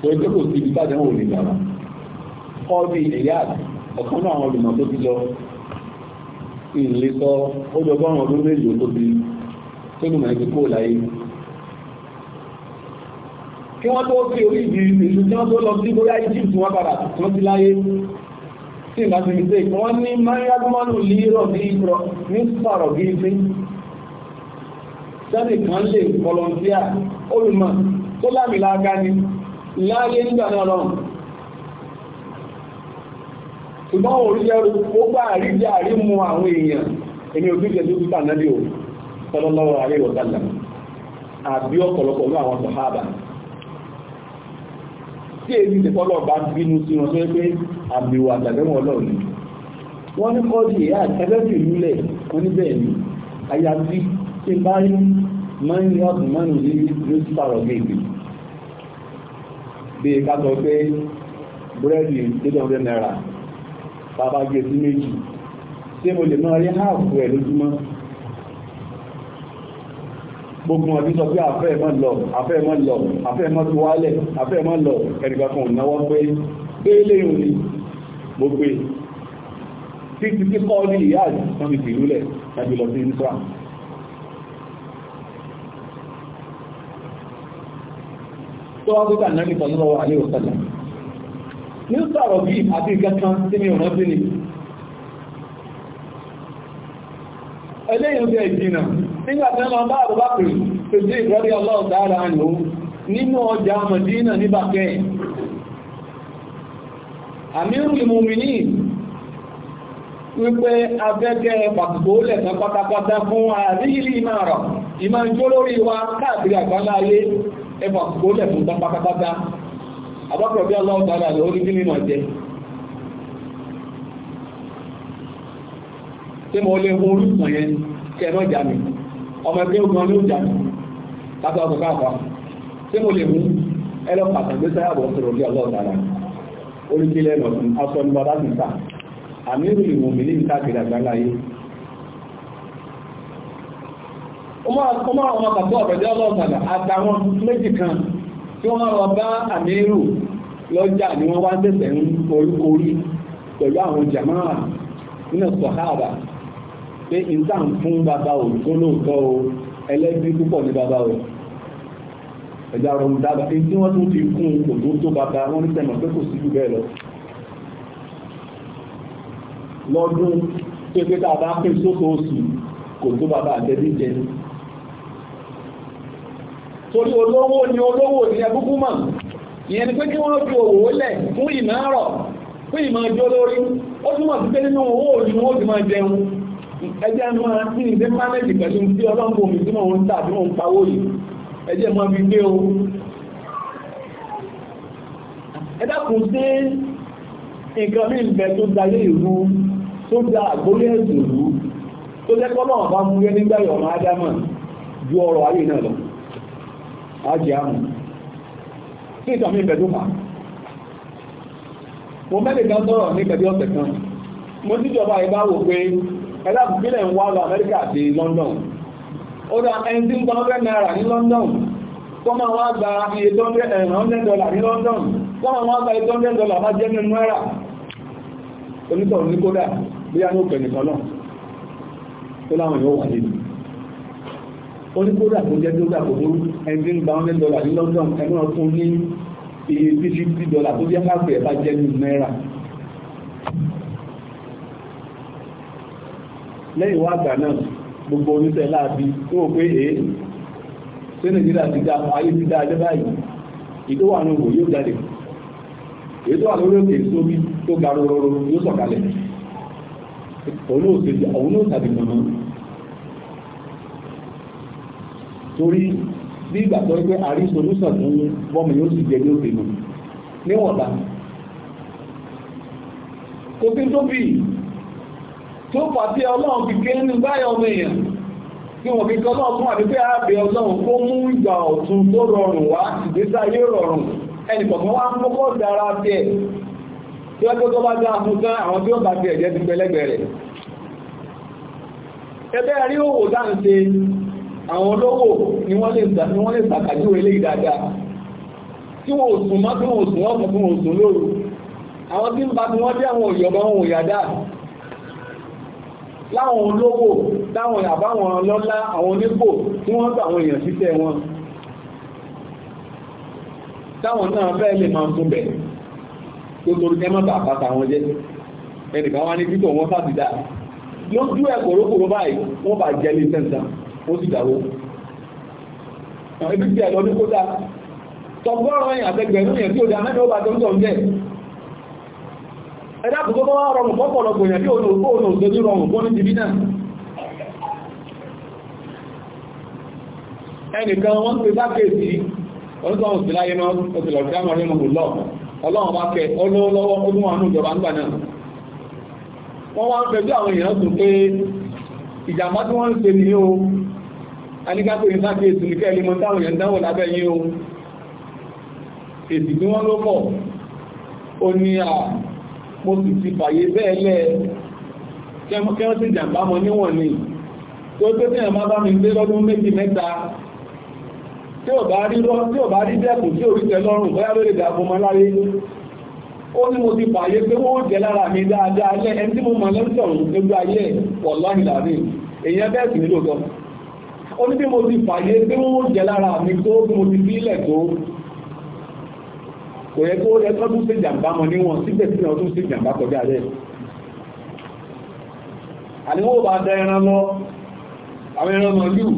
tó ẹgbẹ́ kò sí ibi tá àdéhùn òní gbàrà kọ́ bí ẹ̀yà ọ̀kan náà àwọn olùmọ̀ tó ti lọ ìlẹ́sọ ó jọ bọ́rùn ọdún méjì tó ti tó lùmọ̀ ẹgbẹ́ kó láyé kí wọ́n tó fi orí ìdí ìlú tí wọ́n tó lọ sí bóyá Egypt wọ́n padà wọ́n ti láyé tí ìgbà wọ́n ní lírọ̀ ní ní sẹ́nì kan lè volunteer olùmọ̀ tó lámì lága ni láyé nígbà náà lọ́rùn ṣùgbọ́n ó àwọn èèyàn èmi ò náà lè tí èyí ti fọ́lọ̀ bá bínú sí wọn tó yẹ pé àbẹ̀wò àtàlẹ́wọ̀n ọlọ́ọ̀ni wọ́n ní kọ́ọ̀dì ẹ̀yà ẹlẹ́sìn ìlúlẹ̀ wọ́n ní bẹ́ẹ̀ ni àyàfi tí bá rí mọ́ni ọ̀dùn mọ́ni ní lóṣùpá ọ̀gbìn ìgbì bí ká sọ pé búrẹ́dì tẹ́tọ̀ ọ̀rẹ́ náírà bàbá gbèsè méjì ṣé mo lè máa rí háàfù ẹ̀ lójúmọ́ gbogbo ọdún sọ pé àfẹ́ ẹ̀mọ́ lọ àfẹ́ ẹ̀mọ́ lọ àfẹ́ ẹ̀mọ́ tó wálẹ̀ àfẹ́ ẹ̀mọ́ lọ ẹnìkan kan náwó pé gbélé òun ni mo gbé títí tí kọ́ ní ìyá àti wọ́n fi fìrúlẹ̀ tàbí lọ sí nípa tó wá gbogbo ànábì sọ lọ́wọ́ àlẹ́ òsàlẹ̀ ní sọ̀rọ̀ bí àti ìkẹ́kan sí mi ò rántí ni eléyìn bẹ̀ ìdínà nígbàtí wọ́n bá àrùbá pè pèsè ìrọ́rí ọlọ́ọ̀dára ànú nínú ọjà Mẹdínà ní Bàkẹ́ àmírùn ìmòmìnì wípé abẹ́gẹ́ pàtàkó lẹ̀sán pátápátá fún àríyìlì ìmọ̀ràn ìmọ̀ ìjó lórí wa káàkiri àgbáńlá ayé pátápátá bí lórí bí mímọ̀ jẹ́ tí mo lè hun orúkùn yẹn kẹrọ jà mí ọmọ ẹgbẹ́ ogun ló jà mí látọ̀ ọ̀sọ̀ káàkọ́ tí mo lè mú ẹlọ pàtàkì sáyàbọ̀ sọ̀rọ̀ bí ọlọ́ọ̀dára oríkìlẹ̀ lọ́sùn aṣọ ní bọ́dá sí ta àmì ìrìn ìwòmí ní ìtàkìrì àgbáláyé ọmọ àwọn àpapọ̀ ọ̀rọ̀dẹ́ ọlọ́ọ̀sàdà àtàwọn méjì kan tí wọ́n lọ bá àmìrù lọ́jà ni wọ́n wá ń tẹ̀sẹ̀ ń orúkọ orí pẹ̀lú àwọn jàmáà nínú sọ̀háàbà pé ìta ń fún bàbá ò tó lóòótọ́ o ẹlẹ́bí púpọ̀ ní bàbá ò ẹ̀dá ọ̀rọ̀ ìdába pé tí wọ́n tún fi kún kò tó tó bàbá wọn ní sẹ́mọ̀ pé kò sí jù bẹ́ẹ̀ lọ lọ́dún tó pé tá a bá pín sóṣooṣù kò tó bàbá àtẹ́bí jẹ torí olówó ni olówó ni ẹbúkú mọ̀ ìyẹn ni pé kí wọ́n fi òwò lẹ̀ fún ìmọ̀ ẹ̀rọ fún ìmọ̀ ìjọ lórí ó túmọ̀ sí pé nínú owó òjú wọn ti máa jẹun ẹjẹ́ máa tí ní dé pánẹ́lì pẹ̀lú tí ọlọ́pọ̀ omi tí wọ́n ń tà tí wọ́n ń yìí ẹjẹ́ máa fi gbé o ẹ̀dàkùn sí nǹkan ní ìbẹ̀ tó dalé ìlú tó da àgbóyè ìlú tó jẹ́kọ́ náà bá mú yẹ nígbà yọ̀ máa dámà ju ọrọ̀ ayé náà lọ ajé àmù sí nǹkan ní ìbẹ̀ tó fà mo mẹ́lẹ̀ kan sọ̀rọ̀ ní ìbẹ̀ bí ọ̀sẹ̀ kan mo tíjọba ìbáwò pé ẹ̀dá ìpínlẹ̀ ń wá lọ Amẹ́ríkà àti London ó dá ẹni tí ń gba hundred naira ní London kó máa wá gba iye eh, hundred dollar ní London kó máa wá gba iye hundred dollar bá jẹ́ nínú náírà onítọ̀rọ̀ ní kódà bí a ní òkè nìkan náà tó láwọn yóò wà nínú oníkódà tó jẹ́ tó gbà kò dollar ní London ẹni wọn fún ní dollar tó jẹ́ káàpì ẹ̀ bá jẹ́ nínú lẹ́yìn wá àgbà náà gbogbo oníṣẹ́ láàbí tó wò pé èé ṣé nàìjíríà ti dá ayé ti dá ajẹ́ báyìí ìtò wà ní òwò yóò jáde èyí tó wà lórí òkè sórí tó ga rororo yóò sọ̀kalẹ̀ òun náà ṣe òun náà tàbí mọ̀mọ́ torí bí ìgbà tó pé àrí solúsàn tó ń bọ́mọ yóò sì jẹ ní òkè mọ̀ níwọ̀nba kò sí tó bíi tó pàdé ọlọ́run fi ké nínú báyọ̀ ọmọ èèyàn tí wọ́n fi kọ́lọ́ fún àdúgbò àbẹ̀ ọlọ́run kó mú ìgbà ọ̀tun tó rọrùn wá ìgbésà yé rọrùn ẹnì wá ń kọ́kọ́ dára bẹ́ẹ̀ tí wọ́n tó tó bá dá fún tán àwọn tí ó bá bẹ̀ẹ̀ jẹ́ ti pẹlẹ́gbẹ̀rẹ̀ ẹgbẹ́ rí òwò dáǹse àwọn olówó ni wọ́n lè sàkàjú ilé ìdáadáa tí wọ́n òsùn mọ́ tí wọ́n òsùn wọ́n fún lóru àwọn tí ń bá tí wọ́n jẹ́ àwọn òyọ̀bọ̀ ohun láwọn olówó láwọn àbáwọn lọ́lá àwọn onípò tí wọ́n gbà àwọn èèyàn títẹ́ wọn táwọn náà bẹ́ẹ̀ lè máa tún bẹ̀ tó torí kẹ́ mọ́ta àpáta wọn jẹ́ ẹnìkan wá ní títọ̀ wọn sátidá lójú ẹ̀ kòrókòrò báyìí wọ́n bá jẹ́ lé sẹ́ńtà ó sì dàwó ibi tí ẹ̀ lọ́dún kó dá tọgbọ́rọ̀ yẹn àtẹgbẹ̀rún yẹn tí ó dá mẹ́ta ó bá tó ń tọ̀ ń jẹ́ ẹ̀dá kò tó wá rọrùn fọ́pọ̀lọpọ̀ èèyàn bí olóògbò olóògbò ní rọrùn fún ní ti bí náà ẹnìkan wọ́n pè sákèsí ọdún sí láyé náà ó ti lọ̀dá mọ̀ nínú lọ ọlọ́run bá kẹ ọlọ́wọ́ ọdún wọn ní ìjọba nígbà náà wọ́n wá ń fẹ́ bí ló pọ̀ ó ní à mo sì ti fàyè bẹ́ẹ̀ lẹ́ kẹ́wọ́n sì jàǹbá mọ níwọ̀n ni tó tó tẹ́yàn má bá mi gbé lọ́dún méjì mẹ́ta tí ò bá rí dẹ́kùn tí ò rí tẹ lọ́rùn bóyá lórí ìdààmú ọmọ láyé ó ní mo ti fàyè pé wọ́n jẹ lára mi dáadáa lẹ́ ẹni tí mo mọ̀ lọ́sọ̀rùn gbogbo ayé wọ̀lọ́hìn láàrin èèyàn bẹ́ẹ̀ sì nílò tọ́ ó ní bí mo ti fàyè pé wọ́n jẹ lára mi tó bí mo ti fi ilẹ̀ tó kò yẹ kó yẹ kó tún ṣe jàǹbá mọ níwọ̀n síbẹ̀síbẹ̀ ọdún ṣe jàǹbá kọjá rẹ̀ àníwò bá da ẹran lọ àwọn ẹran màlúù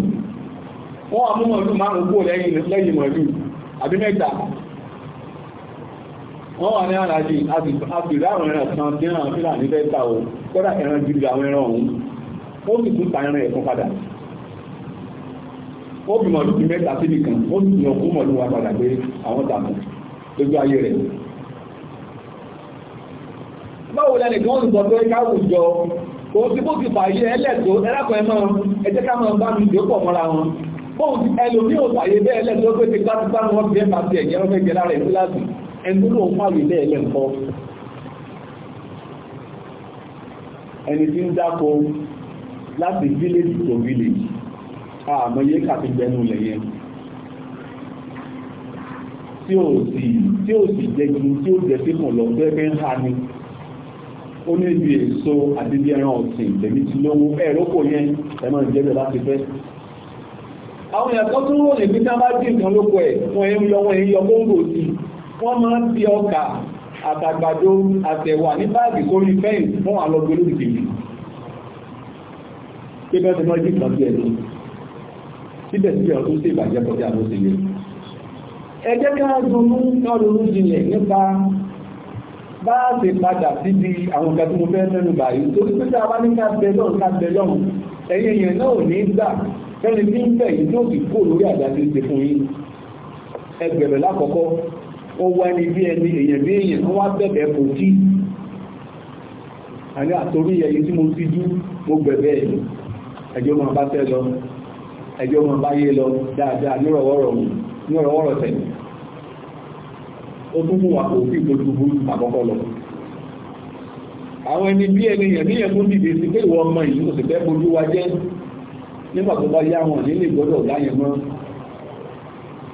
wọ́n wà mú màlúù márùn kó lẹ́yìn màlúù àbí mẹ́ta wọ́n wà ní àràjì àbìrì àwọn ẹran kan tí ẹran fílà ní mẹ́ta o kọ́dà ẹran gidi àwọn ẹran ọ̀hún ó sì tún ta ẹran ẹ̀kan padà ó bì màlúù mẹ́ta síbì kan ó sì tún ọkú màlúù wa padà pé àwọn tàbí lójú ayé rẹ̀. báwo lẹ́nì kí wọ́n ti sọ pé káwùjọ kò sí bó ti fàyè ẹlẹ́tọ́ ẹlẹ́kọ̀ọ́ ẹ máa ẹjẹ́ ká máa bá mi dé pọ̀ mọ́ra wọn bóun ẹlòmí ò fàyè bẹ́ẹ̀ ẹlẹ́tọ́ pé ti pátápá wọn fi ẹ̀ka ti ẹ̀jẹ̀ ọmọ ẹgbẹ̀ lára ìlú láti ẹni tó lóun fàyè bẹ́ẹ̀ lẹ́ǹkọ́ ẹni tí ń dáko láti village to village àmọ́ yé kàfi gbẹnu lẹ̀yẹn tí ò sì tí ó sì jẹ ju tí ó jẹ sí mọ̀ lọ bẹ́ẹ̀ ń ha ni ó ní ibi èso àdébí ẹran ọ̀sìn tèmi ti lówó ẹ̀rọ kò yẹn ẹ máa ń jẹ́ bẹ́ẹ̀ láti fẹ́. àwọn ìyàtọ̀ tó ròyìn pé tí wọ́n bá dín nǹkan lóko ẹ̀ wọ́n ń yọ wọ́n ń yọ kóńgò sí wọ́n máa ń fi ọkà àtàgbàdo àtẹ̀wà ní báàgì sórí fẹ́yìn fún àlọ́gbé lórí kìí pé bẹ́ẹ̀ ti máa dín nǹkan sí ẹ̀ síbẹ̀síbẹ̀ ọdún sí ìbàjẹ́ kọjá ló ti yẹ ẹ jẹ́ ká ronú ká ronú jinlẹ̀ nípa bá a ṣe padà síbi àwọn ìgbà tí mo fẹ́ mẹ́nu báyìí torí pé tá a bá ní ká bẹ lọ́run ká bẹ lọ́run ẹ̀yin èèyàn náà ò ní gbà fẹ́ni tí ń bẹ̀ yìí yóò sì kó lórí àdáṣe ṣe fún yín ẹgbẹ̀rẹ̀ lákọ̀ọ́kọ́ ó wá ní bí ẹni èèyàn bí èèyàn wọ́n wá bẹ̀bẹ̀ kò tí àní àtorí ẹ̀yìn tí mo ti jú mo gbẹ̀bẹ̀ ẹjọ́ máa bá tẹ́ lọ ẹjọ́ máa bá yé lọ dáadáa nírọ̀wọ́rọ̀ tẹ̀lé ó tún mú wa kò sí ìtọ́jú burú àkọ́kọ́ lọ àwọn ẹni bí ẹni yẹn níyẹn fún dìde sí pé ìwọ ọmọ yìí kò sì fẹ́ bojú wa jẹ́ nígbà tó bá yá wọn nílé gbọ́dọ̀ ọ̀gá yẹn mọ́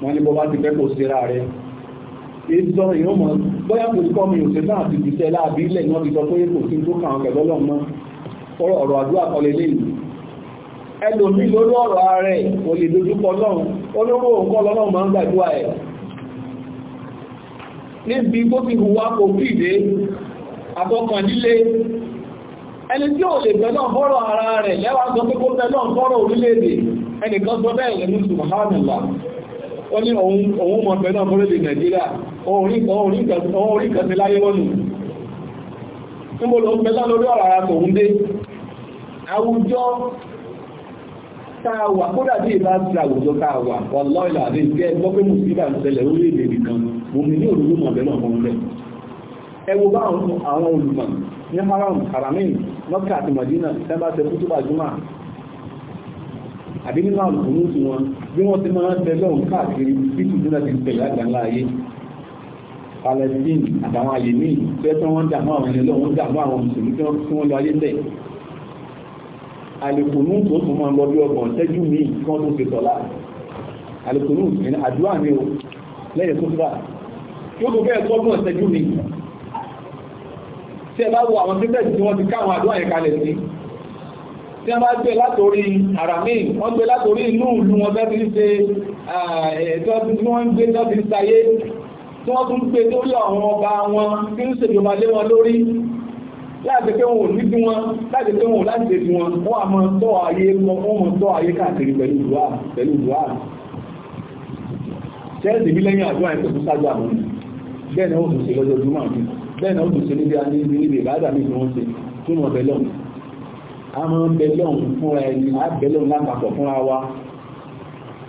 wọn ní bọ́ bá ti fẹ́ kò síra rẹ èyí sọ èyí ó mọ̀ bóyá kò kọ́ mi ò sí náà ti dìtẹ́ láàbí ilẹ̀ náà ti sọ pé kò sí tó kàn án pẹ̀lú ọlọ́mọ ọ̀rọ̀ ọ̀rọ̀ àdúrà kọlẹ̀ lẹ́yìn ẹlòmí lórí ọ̀rọ̀ ààrẹ kò lè dojúkọ lọ́run olówó òǹkọ́ lọ́run máa ń gbàdúrà ẹ̀ níbi tó fi hùwà kò fi ìdé àtọkànlílé ẹni tí ò lè bẹ̀lọ́ fọ́rọ̀ ara rẹ̀ lẹ́wàá sọ pé kó bẹ̀lọ́ fọ́rọ̀ orílẹ̀-èdè ẹnìkan sọ bẹ́ẹ̀ rẹ̀ ní subhanallah ó ní òun mọ̀ bẹ̀lọ́ fọ́rọ̀lẹ̀ nàìjíríà orí kan ti láyé wọ́nù níbo ló ń bẹ̀lọ́ lórí ọ̀rọ̀ ara tòun dé àwùjọ táa wà kódà bí ìbá ti àwùjọ táa wà wọ́n lọ́ ìlàrí ìgbẹ́ gbọ́ pé mùsùlùmí omi ní òdòdó mọ̀ bẹ́ẹ̀ lọ́mọ ọ̀lẹ́ ẹ wo bá àwọn olùmọ̀ ní haram haramin mọ́kà àti madina sábà tẹ kú tó bá jùmọ̀ àbí nínú àlùkò ní oṣù wọn bí wọ́n ti máa ń tẹ lọ́hùn káàkiri bí tùdú náà ti tẹ̀lé àgbáńlá ayé Palestine àtàwọn àyè míì fẹ́ tán wọ́n dààmú àwọn ẹni lọ́wọ́ dààmú àwọn mùsùlùmí tí wọ́n lọ ayé tẹ̀ yóò tó bẹ́ẹ̀ tọ́gbọ̀n ṣẹ́jú mi tí ẹ bá wo àwọn títẹ̀ tí wọ́n ti ká àwọn àdúrà yẹn kalẹ̀ sí tí wọ́n bá gbé látòrí àràmín wọ́n gbé látòrí inú ìlú wọn fẹ́ẹ́ fi ṣe ẹ̀ẹ́dọ́ tí wọ́n ń gbé tó fi ṣayé tí wọ́n tún gbé lórí àwọn ọba wọn tí ń ṣèjọba lé wọn lórí láti pé wọn ò ní bí wọn láti pé wọn ò láti ṣe bí wọn wọn àmọ́ tọ́ ayé wọn mọ̀ tọ́ ayé káàkiri pẹ̀lú bẹ́ẹ̀ náà ó tún ṣe lọ́jọ́ jùmọ̀ àti bẹ́ẹ̀ náà ó tún ṣe níbi àní níbi ìbáàdà mi fún ṣe tún wọn bẹ̀lọ́n a máa ń bẹ̀lọ́n fúnra ẹni a bẹ̀lọ́n lápapọ̀ fúnra wa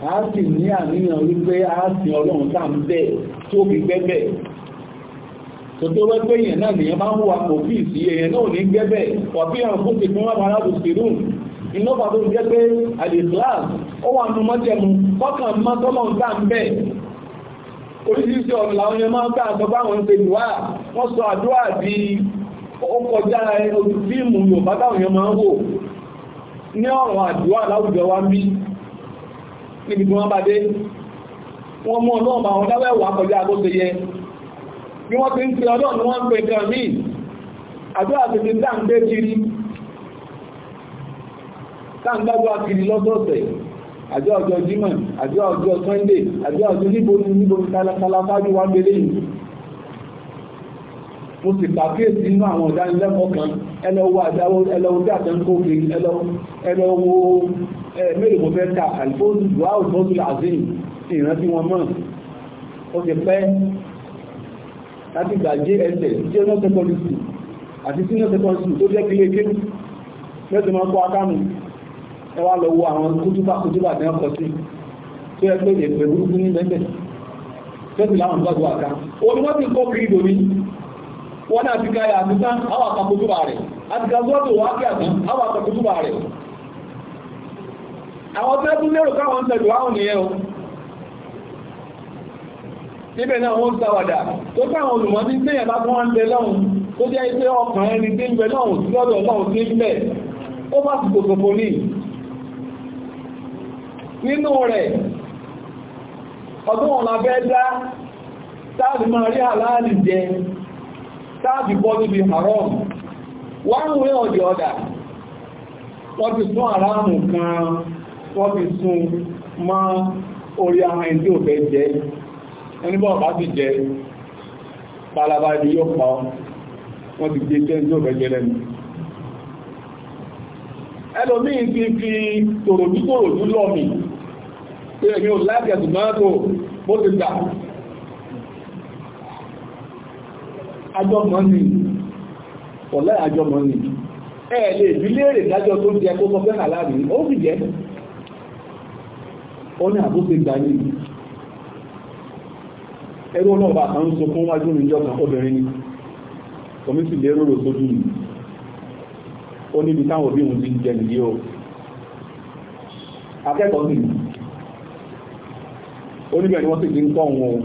a sì ní àníyàn wípé a sì ọlọ́run tá à ń bẹ̀ tó fi gbẹ́bẹ̀ tòtò wẹ́ pé èèyàn náà nìyẹn máa ń wà kò fíì sí èèyàn náà ò ní oríṣiríṣi ọ̀nà làwọn yẹn ma ń gbà sọ báwọn ń pe wọ́n sọ àdúrà di ó kọjá ojú fíìmù Yorùbá táwọn ń wò ní ọ̀rọ̀ àdúrà láwùjọ wa ń bí níbi tí wọ́n wọn dáwẹ́ wà kọjá bó ṣe yẹ bí wọ́n ti ń pe ọlọ́run wọ́n ń pe àdúrà àjọ ọjọ́ Jímọ̀ àjọ ọjọ́ Sunday àjọ ọjọ́ níbo ní níbo ní kálákálákájú wá gbélé yìí mo sì pàkíyèsí nínú àwọn ìdánilẹ́kọ̀ọ́ kan ẹlọ́wọ́ àdáwọ́ ẹlọ́wọ́ bí àtẹ́ńkófì ẹlọ́wọ́ mélòó mo fẹ́ ta àlùfóòsù dùá òfóòsù làzín ìrántí wọn mọ́ ó ti pẹ́ láti gbà jss junior secondary school àti senior secondary school tó jẹ́ kílé kéwù mẹ́sàn-án kọ́ akánù ẹ wá lọ wo àwọn kújúbà kújúbà ní ọkọ̀ sí tó yẹ pé lè pẹ̀ burúkú ní lẹ́gbẹ̀ tẹ́sì láwọn gbọ́dọ̀ àká omi wọ́n ti kó kiri ìdòmí wọ́n náà ti káyà àtúntà àwọn àkàkójúbà rẹ̀ àti gàzọ́dọ̀ wá kí àtàn àwọn àkàkójúbà rẹ̀ àwọn tẹ́sì o níbẹ̀ náà wọ́n sáwàdà tó káwọn olùmọ́ ní pé ẹ̀bá tó wọ́n nínú rẹ̀ ọdún ọ̀nà abẹ́ dá táàbì máa rí àláàlì jẹ táàbì bọ́ níbi haram wọ́n wé ọ̀dẹ̀ ọ̀dà wọ́n ti sún kan wọ́n ti sún orí ò fẹ́ jẹ ẹnibọ́ bá ti jẹ palaba yóò pa wọ́n ti gbé tẹ́ tí ò fẹ́ jẹ fi pé ẹ̀mí ò láti ẹ̀sùn máa tó bó ti gbà àjọmọ́ ni ọ̀lá àjọmọ́ ni ẹ lè bí léèrè dájọ́ tó jẹ kó sọ pé àláàrí ó sì jẹ́ ó ní àbó ti gbà ní ẹrú ọlọ́ọ̀bà kan sọ fún wájú ìjọba obìnrin ni omi sì lérò rò sójú ni ó níbi táwọn òbí òun ti jẹ nìyí o akẹ́kọ̀ọ́ sì oníbẹ̀ ni wọ́n sì ti ń kọ́ wọn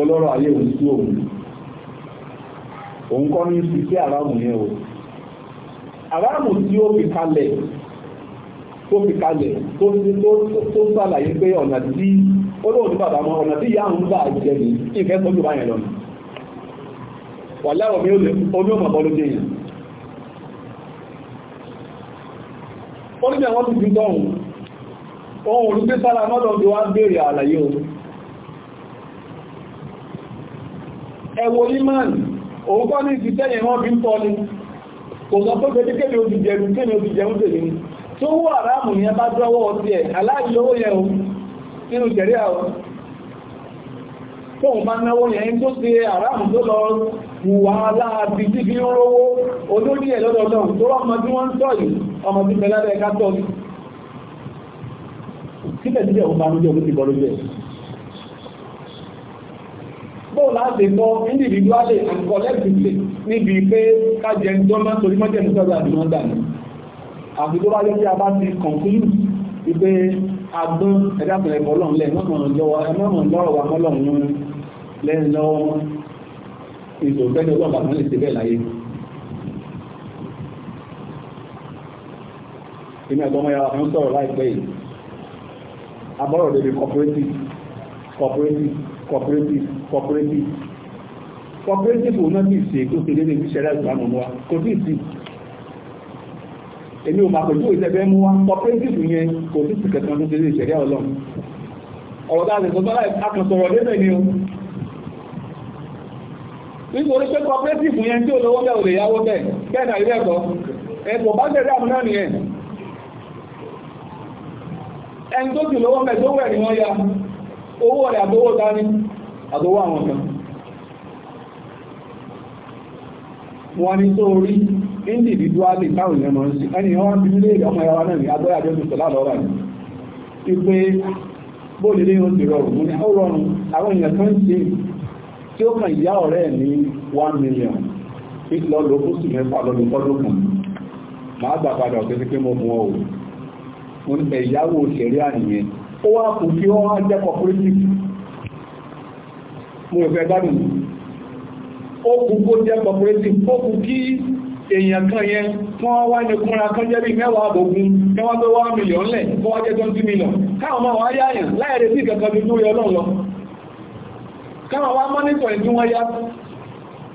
olóró ayé òun sí òun òun kọ́ ní yẹn o tí ó fi kalẹ̀ tó fi kalẹ̀ tó tó sàlàyé pé ọ̀nà tí olóòtú bàbá mọ́ ọ̀nà tí ìyá bá jẹ ní ìfẹ́ lọ wà láwọ̀ mi omi ohun olùgbé sára mọ́dọ̀ tó wá bèèrè àlàyé o ẹwọ imán òun kọ́ ní tẹ́yẹ̀ wọ́n ni kò sọ pé pẹ́kẹ́ ni ó ni jẹun tèmi tó wà ráàmù yẹn bá dọ́wọ́ ọtí ẹ̀ aláìlówó o nínú jẹ̀rí àwọn tó wọ́n síbẹ̀síbẹ̀ ó máa ń jẹ́ olóṣèlú lójú ẹ̀. bóò láti mọ individually and collectively níbi pé kájẹ ń dán máa torí mọ́jẹ́ ní sọ́dọ̀ àdìmọ́ dà ní a bá ti conclude wípé agbọ́n ẹ̀dá pẹ̀lẹ́ kọ́ lọ́n lẹ̀ mọ́mọ́ lọ́rọ̀ wa mọ́ lọ́run lẹ́yìn lọ́wọ́ ìṣòfẹ́ni ọlọ́ọ̀bà kan lè ṣe bẹ́ẹ̀ láyé. èmi àtọmọ yàrá kan láìpẹ́ yìí àmọ́rọ̀ lè cooperative cooperative cooperative cooperative cooperative òun náà bí ìṣe tó ṣe léde ìṣẹ́lẹ̀ ìgbàmù wa kò sí ìsì èmi ò máa pẹ̀lú ìṣẹ́fẹ́ mú wa cooperative yẹn kò sí ìsì kẹta tó ṣe léde ìṣẹ́lẹ̀ ọlọ́run ọ̀rọ̀ tá a lè sọ́tọ́ láì akọ̀sọ̀rọ̀ lébẹ̀ ni o nítorí pé cooperative yẹn tí olówó bẹ́ẹ̀ ò lè yáwó bẹ́ẹ̀ bẹ́ẹ̀ náà ilé ẹ̀kọ́ ẹ̀kọ́ bá tẹ̀lé àmúnáà nìyẹn ẹni tó jù lọ́wọ́ mẹ́jọ wẹ̀ ni ya owó rẹ̀ àtọwọ́ dání àtọwọ́ àwọn kan wọ́n ni tó rí individually táwọn èèyàn mọ̀ sí ẹni wọ́n bí nílé ọmọ ẹwà náà ní agbóyà jẹ́ ní lé oúnjẹ rọrùn mú ní ó rọrùn àwọn èèyàn ṣe tí ó kàn 1 fún mẹ́fà lọ́dún kan máa gbà padà fún ẹ̀yáwó òṣèré àníyàn ó wá kù kí wọ́n wá jẹ́ cooperative mo rẹ̀ fẹ́ ó kù kó jẹ́ cooperative ó kù kí èèyàn kan yẹn wọ́n wá ní kúnra kan jẹ́ bí mẹ́wàá àbògún ní wọ́n tó wá mílíọ̀n lẹ̀ kó wá jẹ́ káwọn máa sí yọ lọ káwọn wá mọ́nítọ̀ ìdí wọ́n yá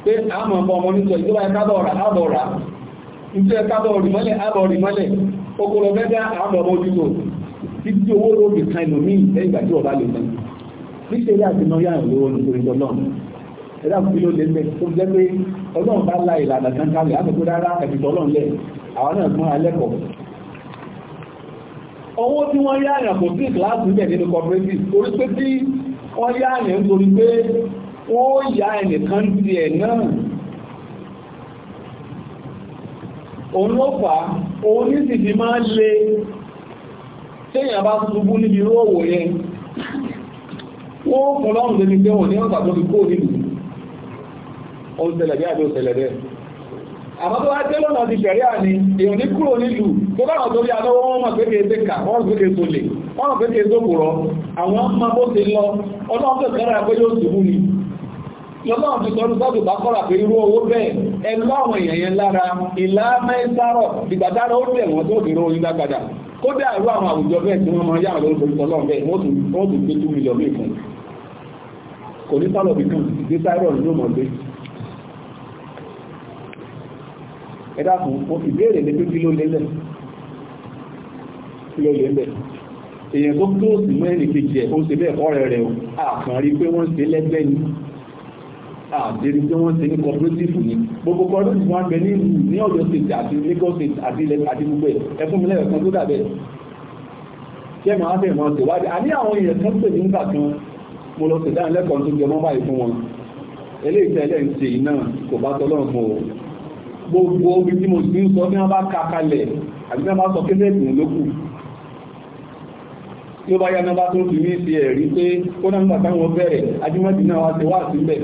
pé àmọ̀ ọmọ mọ́nítọ̀ okòrò mẹ́ta àwọn ọmọ ojúgbò títí owó lóbi kan ìlòmí lẹ́yìn ìgbà tí ọba lè mọ níṣẹ́ ilé àti náà yàrá lówó nítorí ọlọ́run ẹ̀dá kò ló lè mẹ́ tó jẹ́ pé ọlọ́run bá la ìlànà kan kalẹ̀ àtúntò rárá ẹ̀fìtọ́ ọlọ́run lẹ̀ àwọn náà gbọ́n alẹ́ kọ̀ owó tí wọ́n yá àyàn kò sí ìkíláàsì níbẹ̀ nínú cooperative torí pé tí wọ́n yá àyàn nítorí pé wọ́n yá ẹnìkan tiẹ̀ náà òun ló fà á òun ní sì fi máa le téèyàn bá ṣubú níbi irú òwò yẹn ó kún lọ́rùn débi pé òun ní ọ̀sà tó fi kó nínú ó ṣẹlẹ̀ bí àbí ó ṣẹlẹ̀ bẹ́ẹ̀ àmọ́ tó bá dé lọ́nà ti ṣẹ̀rí àní èèyàn ní kúrò nílùú tó bá wọn tó rí aná wọ́n mọ̀ pé kéèké kà wọ́n pé kéèké tó lè wọ́n mọ̀ kéèké tó kùrọ̀ àwọn máa bó ti lọ ọlọ́run tó kẹ́rẹ́ àpé ni lọ́lọ́run fi tọrú sọ́ọ̀bù bá kọ́ra pé irú owó bẹ́ẹ̀ ẹ lọ́rùn èèyàn yẹn lára ìlà mẹ́sàrọ̀ ìgbàdára ó tẹ̀ wọ́n tó dèrò oyin lágbàdà kódà irú àwọn àwùjọ bẹ́ẹ̀ tí wọ́n máa yára lórí torí tọ́lọ́run bẹ́ẹ̀ wọ́n tún gbé tú mílíọ̀nù ìfún kò ní sálọ̀ bí kan ìgbé sáírọ̀ ló mọ̀ gbé ẹ dákun ìbéèrè ní pé kí ló lé lẹ̀ kí ló lé lẹ̀ èèyàn tó kúrò sí mọ́ ẹnì kejì ẹ̀ ó ṣe bẹ́ẹ̀ kọ́ rẹ̀ rẹ̀ o àkànrí pé wọ́n ṣe lẹ́gbẹ́ ni àdérí tí wọ́n ṣe ní cooperative ni gbogbo cooperative wọn bẹ ní ìlú ní Ọ̀yọ́ state àti Lagos state àti ilẹ̀ àti gbogbo ẹ̀ ẹ fún mi lẹ́yìn kan tó dàbẹ̀ jẹ́ màá fẹ́ mọ́ ṣèwádìí àní àwọn èèyàn kan pè nígbà kan mo lọ ṣèdá lẹ́kọ̀ọ́ tó jẹ mọ́ báyìí fún wọn eléyìí tẹ́lẹ̀ ń ṣe iná kò bá tọ́lọ́run mọ́ o gbogbo omi tí mo ti ń sọ bí wọ́n bá ka kalẹ̀ àbí wọ́n bá sọ kéfẹ́ẹ̀tì lókù tí ó bá yá nọ́mbà tó fi ní ti ẹ̀rí pé kó náà nígbà táwọn bẹ̀rẹ̀ ajímọ́tì náà wá ti wá síbẹ̀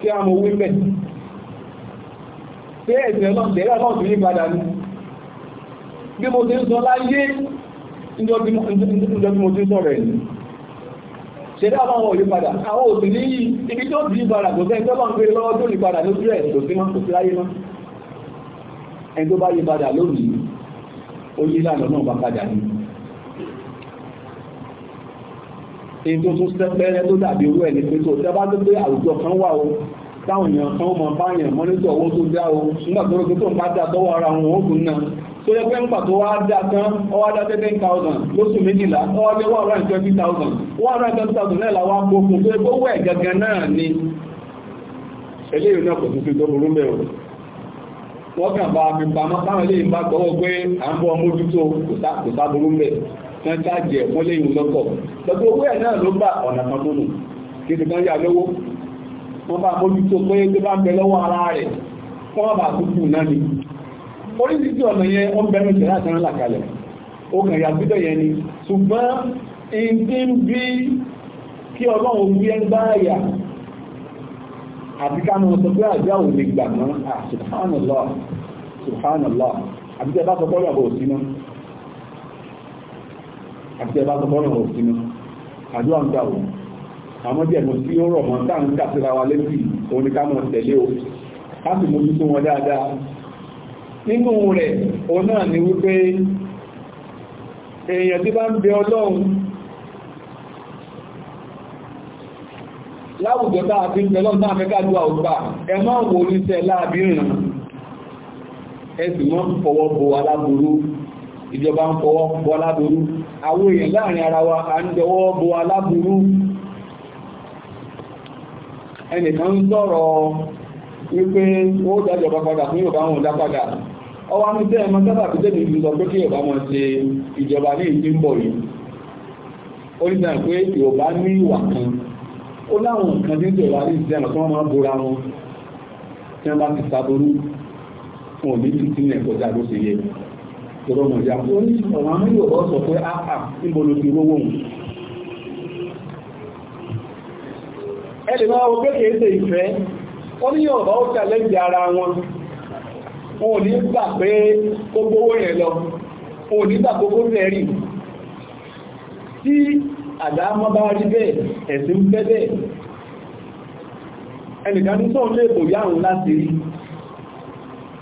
kí a mọ̀ wí bẹ̀ ṣé ẹ̀sìn ọlọ́run tẹ̀lé ọlọ́run tó yí padà ní bí mo ti ń sọ láyé níjọbí mo ti ń sọ̀rọ̀ ẹ̀sìn ṣẹ̀dá ọlọ́run ò yí padà àwọn òsì ní ibi tó ti yí padà kò sẹ́ni tó lọ́n gbé lọ́wọ́ tó yí padà lójú ẹ̀ kò sí mọ́ kò sí láyé mọ́ ẹni tó èyí tó tún sẹ́pẹ́rẹ́ tó dàbí owó ẹ̀ ní pé tó tẹ́ bá tó pé àwùjọ kan wà o táwọn èèyàn kan mọ báyàn mọ́nítọ̀ owó tó dá o nígbà tó rọ́gbé tó ń bá dá tọ́wọ́ ara wọn ó kùn náà tó yẹ pé ń pàtó wá dá tán ọwá dá ten thousand lóṣù méjìlá ọwá dé one hundred twenty thousand one hundred twenty thousand náà làwọn akókò tó yẹ pé owó ẹ̀ gangan náà ni eléyìí náà kò tún fi tó burú mẹ́rọ wọ́n kàn bá mi pamọ́ báwọn eléyìí bá gbọ́wọ́ pé à ń bọ́ mójútó kan jáde ẹ̀fọ́ lẹ́yìn lọ́kọ̀ gbogbo owó ẹ̀ náà ló bá ọ̀nà kan tó nù kí ni kan yà lọ́wọ́ wọ́n bá mójútó pé tó bá ń bẹ lọ́wọ́ ara rẹ̀ kọ́ bá kúkú náà ni oríṣiríṣi ọ̀nà yẹn wọ́n bẹ̀rẹ̀ ìṣẹ̀lá kan là kalẹ̀ ó kàn yà síbẹ̀ yẹn ni ṣùgbọ́n ìdí ń bí kí ọlọ́run bí ẹ ń bá àyà àti ká mọ̀ sọ pé àjá òun lè gbà mọ́ à ah, subhanallah subhanallah àbíkẹ́ bá sọ pé ọ̀rọ̀ àbò òsínú àti ẹ̀bá tó bọ́nà wọ̀ sínú àdúrà ń gbà wò àmọ́ díẹ̀ mo tí ó rọ̀ mọ́ tá à ń kà wa létí òun ni ká mọ̀ tẹ̀lé o ká sì mójú tó wọn dáadáa nínú rẹ̀ òun náà ni wípé èèyàn tí bá ń bẹ ọlọ́run láwùjọ tá a fi ń bẹ lọ́nà náà fẹ́ká ju àwùgbà ẹ má wò oníṣẹ́ láàbírìn ẹ sì mọ́ fọwọ́ bo aláboró ìjọba ń fọwọ́ bo aláboró àwọn èèyàn láàrin ara wa a ń jọwọ́ bo aláburú ẹnìkan ń wípé ó dájọba padà fún Yorùbá wọn dá padà ní tẹ́ ẹmọ sábà fi tẹ́lẹ̀ ìlú sọ pé kí mọ̀ ṣe ìjọba ní ìdí ń bọ̀ yìí ó ní sàn pé ní ìwà kan ó láwọn nǹkan tí ń ló ṣe tọrọ mọ̀ ìyá ó ní ọ̀rọ̀ àwọn yóò bọ́ sọ pé áà ah, ah, níbo ló ti rówó wọn ẹ̀lẹ̀ máa wọ pé kìí ṣe ìfẹ́ ó ní ọ̀rọ̀ ó tàlẹ́jì ara wọn wọn ò ní gbà pé gbogbo owó yẹn lọ wọn ò ní gbà gbogbo fẹ́rì tí àdámọ́ bá rí bẹ́ẹ̀ ẹ̀sìn fẹ́ bẹ́ẹ̀ ẹnìkan ní sọ́ọ̀ lè bòyá òun láti rí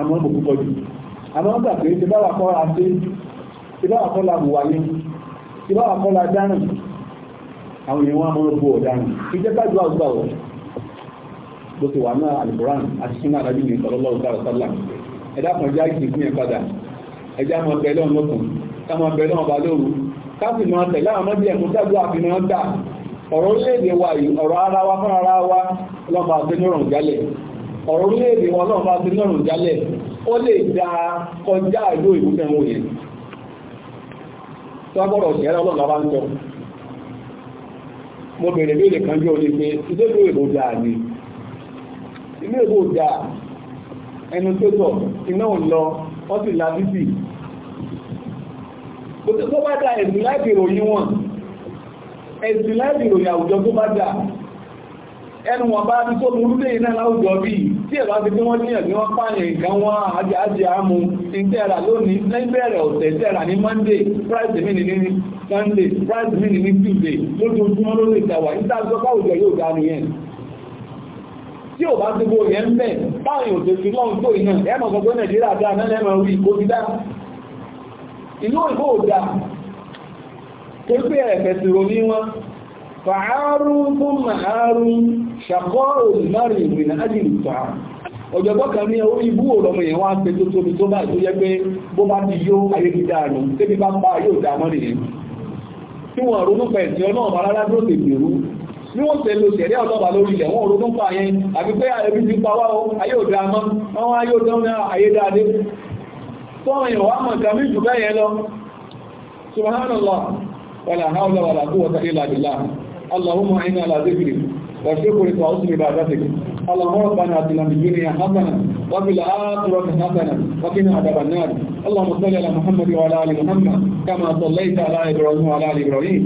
àmọ́ mò púpọ̀ jù àmọ́ gbà pé ti báwa kọ́ la dé ti báwa kọ́ la wù wáyé ti báwa kọ́ la dáná àwọn èèyàn wọn amúrò bu ọ̀daràn kí jẹ́ ká ju àgbà wọ̀ bó ti wà náà alukoran àti sinmi alájú ní ìsọlọ́lọ́ ọ̀gára sálà ẹ̀dá kan já ìsìn fún yẹn padà ẹ̀dá máa bẹ lọ́wọ́ lọ́kùn ká máa bẹ lọ́wọ́ bá lóru ká sì máa tẹ̀lé àwọn ọmọdé ẹ̀kún dájú àfihàn dà ọ̀rọ̀ orílẹ̀-èdè wa yìí ọ̀rọ̀ ara wa fún ara wa lọ́mọ àti nírọ̀ jálẹ̀ ọ̀rọ̀ orílẹ̀-èdè wọn náà bá ti lọ́rùn jálẹ̀ ó lè dá kọjá ìlú ìwúfẹ́ wọn yẹn tó gbọ́dọ̀ ṣẹ́rẹ́ ọlọ́run bá ń tọ́ mo bèèrè béèrè kan jọ ní pé ilé ìlú èbò dáa ni ilé ìbò dáa ẹnu tó tọ̀ iná ò lọ wọ́n sì la bíbì kò tó tó bá dá ẹ̀sùn láti ìròyìn wọn ẹ̀sùn láti ìròyìn àwùjọ tó bá dá ẹnu wọn bá ní tó burú lẹ́yìn náà láwùjọ bíi tí ẹ̀rọ ti fi wọ́n díyàn ní wọ́n pààyàn nǹkan wọn àjẹ àjẹ àmú ìtẹ́ra lónìí lẹ́gbẹ̀rẹ̀ ọ̀sẹ̀ ìtẹ́ra ní monday price mi ní ní sunday price mi ní ní tuesday lójoojúmọ́ ló lè tàwà ìtàgbọ́pá òjò yóò dá nìyẹn tí ò bá ti bo yẹn ń bẹ̀ báyìí ò tó iná ẹmọ̀ gbogbo nàìjíríà dáa náà lẹ́mọ̀ rí kó dá ìlú dá tó gbé ẹ̀fẹ̀ wọn ṣàkọ́ olùmárì ìrìnà ájìlì tàà ọ̀jọ̀gbọ́n kan ní orí ibú òrọ̀mọ̀ èèyàn wá ń pe tó tóbi tó bá tó yẹ pé bó bá ti yó ayé ti dáàrùn tébí bá pa yóò dámọ́ nìyẹn tí wọ́n ronú pa ẹ̀sìn ọlọ́ọ̀bá rárá tó lè gbèrú ní wọ́n tẹ̀ lò tẹ̀lé ọlọ́ọ̀bá lórí ilẹ̀ wọ́n ronú pa yẹn àbí pé ayé ah, ti pa wá allahumma inna وشكر تعود عبادتك اللهم ربنا اتنا في الدنيا حسنه وفي الاخره حسنه وقنا عذاب النار اللهم صل على محمد وعلى ال محمد كما صليت على ابراهيم وعلى ال ابراهيم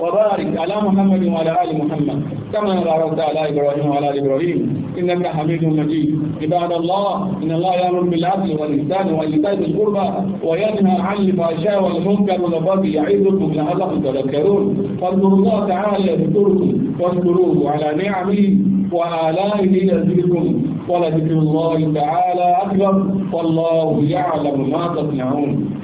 وبارك على محمد وعلى آل محمد كما باركت على إبراهيم وعلى آل إبراهيم إنك حميد مجيد عباد الله إن الله يأمر بالعدل والإحسان وإيتاء ذي القربى وينهى عن الفحشاء والمنكر والبغي يعظكم لعلكم تذكرون فاذكروا الله تعالى يذكركم واشكروه على نعمه وآلائه يزدكم ولذكر الله تعالى أكبر والله يعلم ما تصنعون